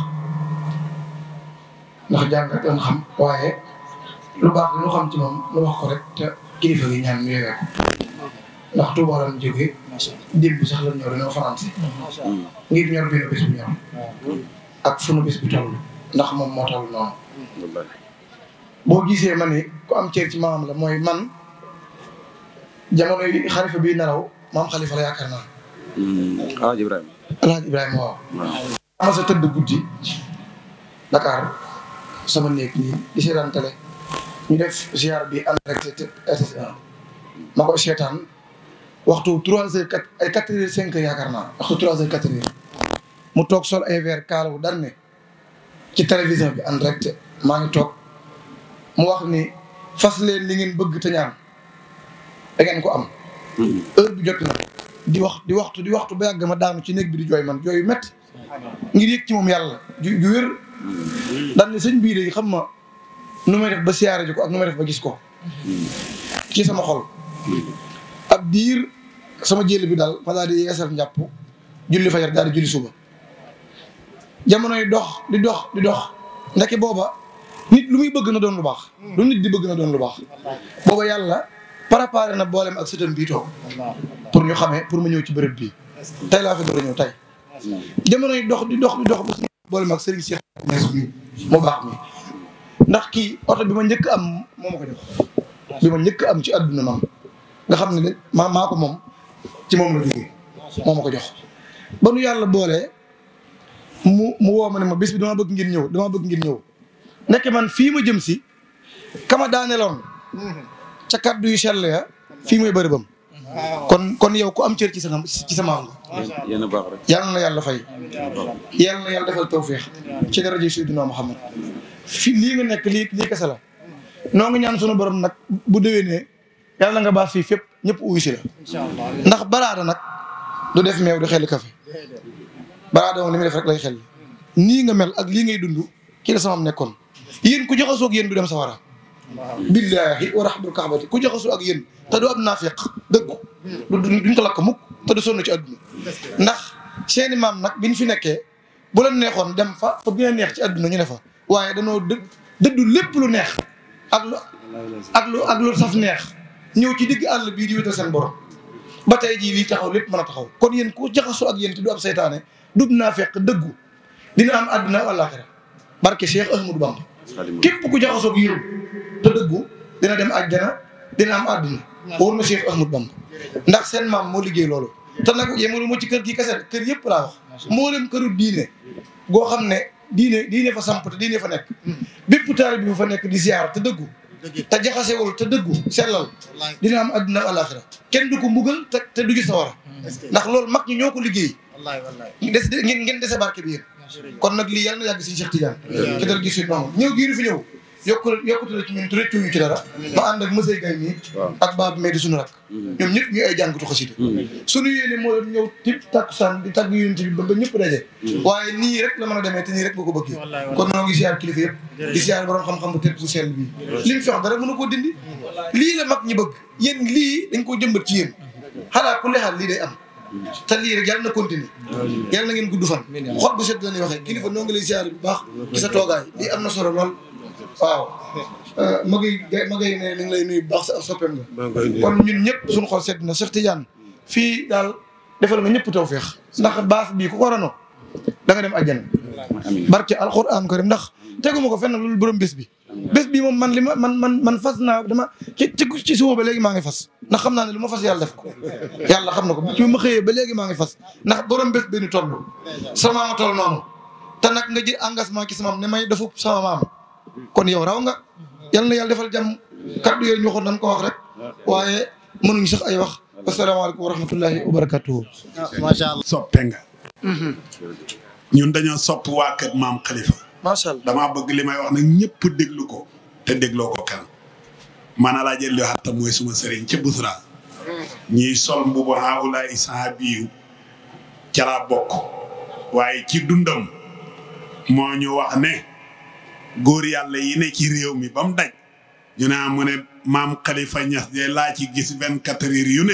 ndax jàng rek xam waaye lu baax lu xam ci moom lu wax ko rek te kilifa gi ñaan ñu yore ndax Touba la ñu jógee. dil bi sax la ñor faranse ngir ñor bi la bés bu ñor. ak fu nu bés bi toll ndax moom moo toll noonu. boo gisee ma ni ku am ceeb ci maam la mooy man jamono yi xalifa bii naraw maam xalifa la yaakaar naa. Alaaji Ibrahima. Alaaji Ibrahima waaw. ama tëdd guddi Dakar sama néeg nii di seetaan télé ñu def ziar bi ànd ma koy seetaan waxtu trois heures quatre ay quatre cinq yaakaar naa waxtu trois heures quatre heures mu toog sol ay verre kaalawu daan ci télévision bi ànd rek maa ngi toog mu wax ni fas leen li ngeen bëgg te ñaan da ngeen ko am. Mm-hmm. heure bu jot na di wax di waxtu di waxtu ba yàgg ma daanu ci néeg bi di jooy man jooy yu métti ngir yëg ci moom yàlla ju ju wér mm-hmm. daan ne sëñ xam ma. nu may def ba siyaare ji ko ak nu may def ba gis ko ci sama xol ab diir sama jël bi daal ma daal di yeesal njàpp julli fajar daal di julli suba jamonoy dox di dox di dox ndeke booba nit lu muy bëgg na doon lu baax lu nit di bëgg na doon lu baax booba yàlla préparé na boolem ak sëtam bii toog ñu xamee pour ma ñëw ci bërëb bii tey laa fi door a tey jamonoy dox di dox di dox ba suñu boolem ak sëriñ Cheikh Niass baax mi ndax kii oto bi ma njëkk am moom ma ko jox bi ma njëkk am ci àdduna maam nga xam ne ma maa ko moom ci moom la jógee moo ma ko jox ba nu yàlla boole mu mu woo ma ne ma bis bi dama bëgg ngir ñëw dama bëgg ngir ñëw man fii ma jëm si kama daaneloon ca kàddu yu sell ya fii mooy bërëbam kon kon ku am cër ci sa ci sa maam nga yal yàlla fay yal na yàlla defal tawfeex ci daraja Seydina Muhammad fi lii nga nekk lii lii kese la noo ngi ñaan sunu borom nag bu dewee déwénee yàlla nga baax fii fépp ñëpp uyu si la ndax baraada nag du def meew du xel kafe baraada moom li muy def rek lay xel nii nga mel ak lii ngay dund kii la sama am nekkoon yéen ku joxasoo ak yéen du dem sawara billahi wa rahmatul kaabati ku joxasoo ak yéen te du ab naafiq dëgg duñ ko lakk mukk te du sonn ci adduna ndax seeni maam nag bi biñ fi nekkee bu leen neexoon dem fa fa gën a neex ci adduna ñu ne fa waaye danoo dë dëddu lépp lu neex ak lu ak lu ak saf neex ñëw ci digg àll bii di wétal seen borom ba tey jii lii taxaw lépp mën a taxaw kon yéen ko jaxasoo ak yéen te du am saytaane dub naa fekk dëggu dina am àdduna ak àllaaxira barke Cheikh Ahmadou Bamba képp ku jaxasoo ak yéen te dëggu dina dem àjjana dina am àdduna wóor na Cheikh Ahmadou Bamba ndax seen maam moo liggéey loolu te nag yemul mu ci kër gi kese kër yëpp laa wax moo dem këru diine goo xam ne diine diine fa samp te diine fa nekk hmm. bépp taari bi bu fa nekk di ziar te dëggu te jaxasewul te dëggu sellal dina am adduna alaxira kenn du ko mbugal te te du gis sawara hmm. ndax loolu mag ñi ñoo ko liggéey ngeen ngeen dese barke bi kon nag lii yàlla na yàgg si Cheikh Tidiane ki dal gis suñu ñëw giiru fi ñëw yokku yokkute la ci ñun rëccu ñu ci dara ma ànd ak monsieur Gaye mii ak Baaba Mey di suñu rakk ñoom ñëpp ñu ay jàngatu xasida suñu yéene moo doon ñëw tib takkusaan di tàgg yéen bi ba ba ñëpp daje waaye nii rek la mën a demee te nii rek nga ko bëggee kon noo ngi siyaar kilifa yëpp di siyaar borom xam-xam bu tedd bu sell bii li mu fex dara mënu koo dindi lii la mag ñi bëgg yéen lii dañ koo jëmbat ci yéen xalaa ku lexal lii day am te lii rek yàlla na continuer yàlla na ngeen gudd fan xol bu set la ñuy waxee kilifa noo ngi lay siyaar bu baax ci sa toogaay lii am na solo lool waaw Maguy euh, Maguy ne ni ngi lay nuyu bu baax sa soppeem nga kon ñun ñëpp suñu xol sedd na Cheikh Tidiane fii daal defal nga ñëpp taw feex ndax baas bii ku ko rano da nga dem àjjana barke alquran karim ndax teguma ko fenn loolu borom bés bi bés bi moom man li ma man man man fas naa dama ci ci suba ba léegi maa ngi fas ndax xam naa ne lu ma fas yàlla def ko yàlla xam na ko ci ma xëyee ba léegi maa ngi fas ndax borom bés bi ni toll sama ma toll noonu te nag nga jël engagement ki sama ne may defu sama maam kon yow raw yal na yàlla defal jàmm kàddu yooyu ñu waxoon nañ ko wax rek waaye mënuñ sax ay wax asalaamaaleykum wa rahmatullahi wa nga mhm. ñun dañoo sopp waa kër maam Khalifa macha allah damaa bëgg li may wax nag ñëpp déglu ko te dégloo ko kan man alaa jël yoo xatta mooy suma sëriñ ca busra ñiy sol mbubu haawulaay sahaabiyu ca laa bokk waaye ci dundam moo ñu wax ne góor yàlla yi ne ci réew mi ba mu daj ñu ne ah, mu ne maam xalifa Niass de laa ci gis vingt quatre heures yu ne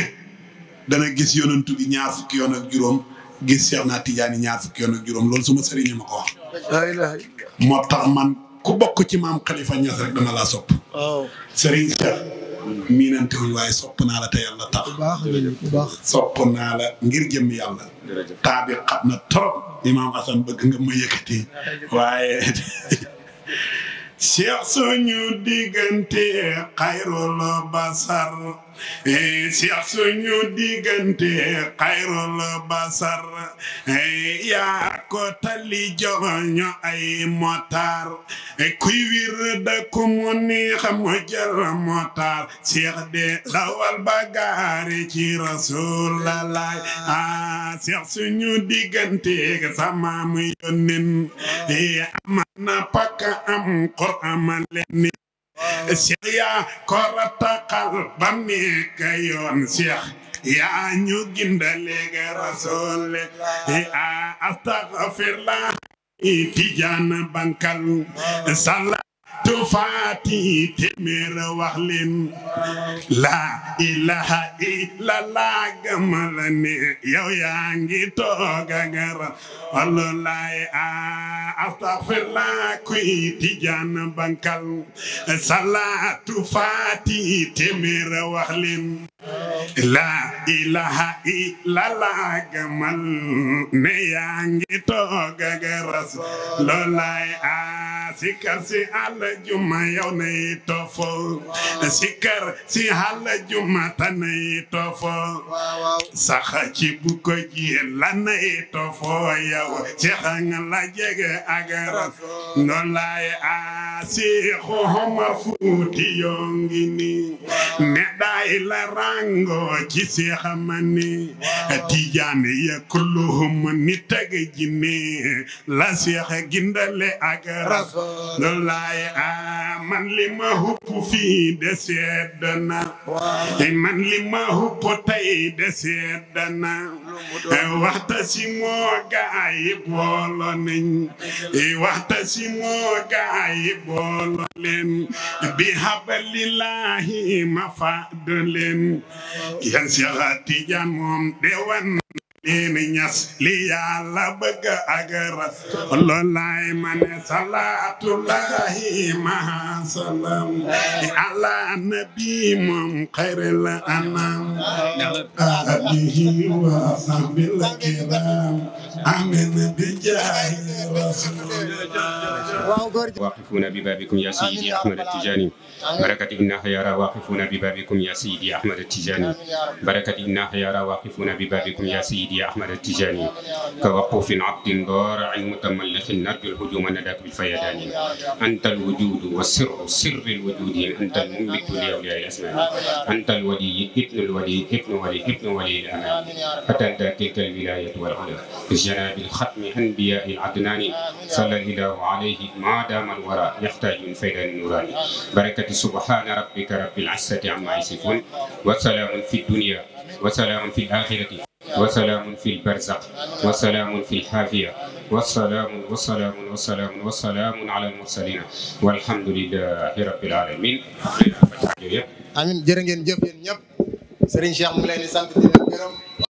dana gis yonantu bi ñaar fukki yoon ak juróom gis Cheikh naa Tidiane ñaar fukki yoon ak juróom loolu suma sëriñ ma ko wax. moo tax man ku bokk ci maam Khalifa Niass rek dama laa sopp. waaw sëriñ Cheikh waaye sopp naa la te yàlla tax. bu baax sopp naa la ngir jëm yàlla. taa bi na trop. imaam Assane bëgg nga ma yëkkati waaye. Cheikh suñu diggante xayrul basar Cheikh suñu diggante xayrul basar yaa ko tali joño ay motar kuy wir da ku mu neex mu jël motar Cheikh de dawal bagaari ci Rasulallah ah Cheikh suñu diggante sama mu yónnin am na pakk am ko am lenni Cheikh yaa ko rattaxal ba nekk yoon Cheikh yaa ñu gindaleega rasool yaa astaghfirullah tijaan bankal sala tufaati téeméer wax leen ilaha illallah gëmal ne yow yaa ngi gara allo laay ah, astaghfirullah kuy tijaan bankal salaatu faati téeméer wax laa ilaha illallah gamal ne yaa ngi toog ak loolaay a sikar si àlla juma yow nay tofo sikar si àlla juma ta nay tofo sax ci bu ko ji la nay tofo yow xanga la jege ak loolaay a Siixu Omar Fuutiyu ngi nii ne day la rango ci Seex mani Tijaan ya kulluhum ni tag ji ne la Seex gindale ak Rasuulullaay man li man li ma hupp tey de sedd waxta e e si moo gaay boolo nañ e waxta si moo gaay boolo leen bi habalilaahi ma faado leen yan si Tijaan moom dewan ni ñas li yàlla bëgg ak rasul lay mane salaatullahi ma salam ala nabi moom xayril anam alihi wa sahbil kiram amin bi jaahi rasulillah waqifuna bi babikum ya sayyidi ahmad tijani barakat ibn hayara waqifuna bi babikum ya sayyidi ahmad tijani barakat ibn hayara waqifuna bi babikum ya sayyidi سيدي أحمد التجاني كوقوف عبد ضارع متملق نرجو الهجوم نداك بالفيدان أنت الوجود والسر سر الوجود أنت المملك لأولياء الأسماء أنت الولي ابن الولي ابن ولي ابن ولي الأمان فتندى تلك الولاية والعلا بجناب الختم أنبياء العدنان صلى الله عليه ما دام الورى يحتاج من فيدان النوراني بركة سبحان ربك رب العزة عما يصفون وسلام في الدنيا وسلام في الآخرة وسلام في البرزخ وسلام في الحافية والسلام والسلام والسلام والسلام على المرسلين والحمد لله رب العالمين amiin jërë ngeen jëf yéen ñëpp Serigne Cheikh mu leen di sant di leen gërëm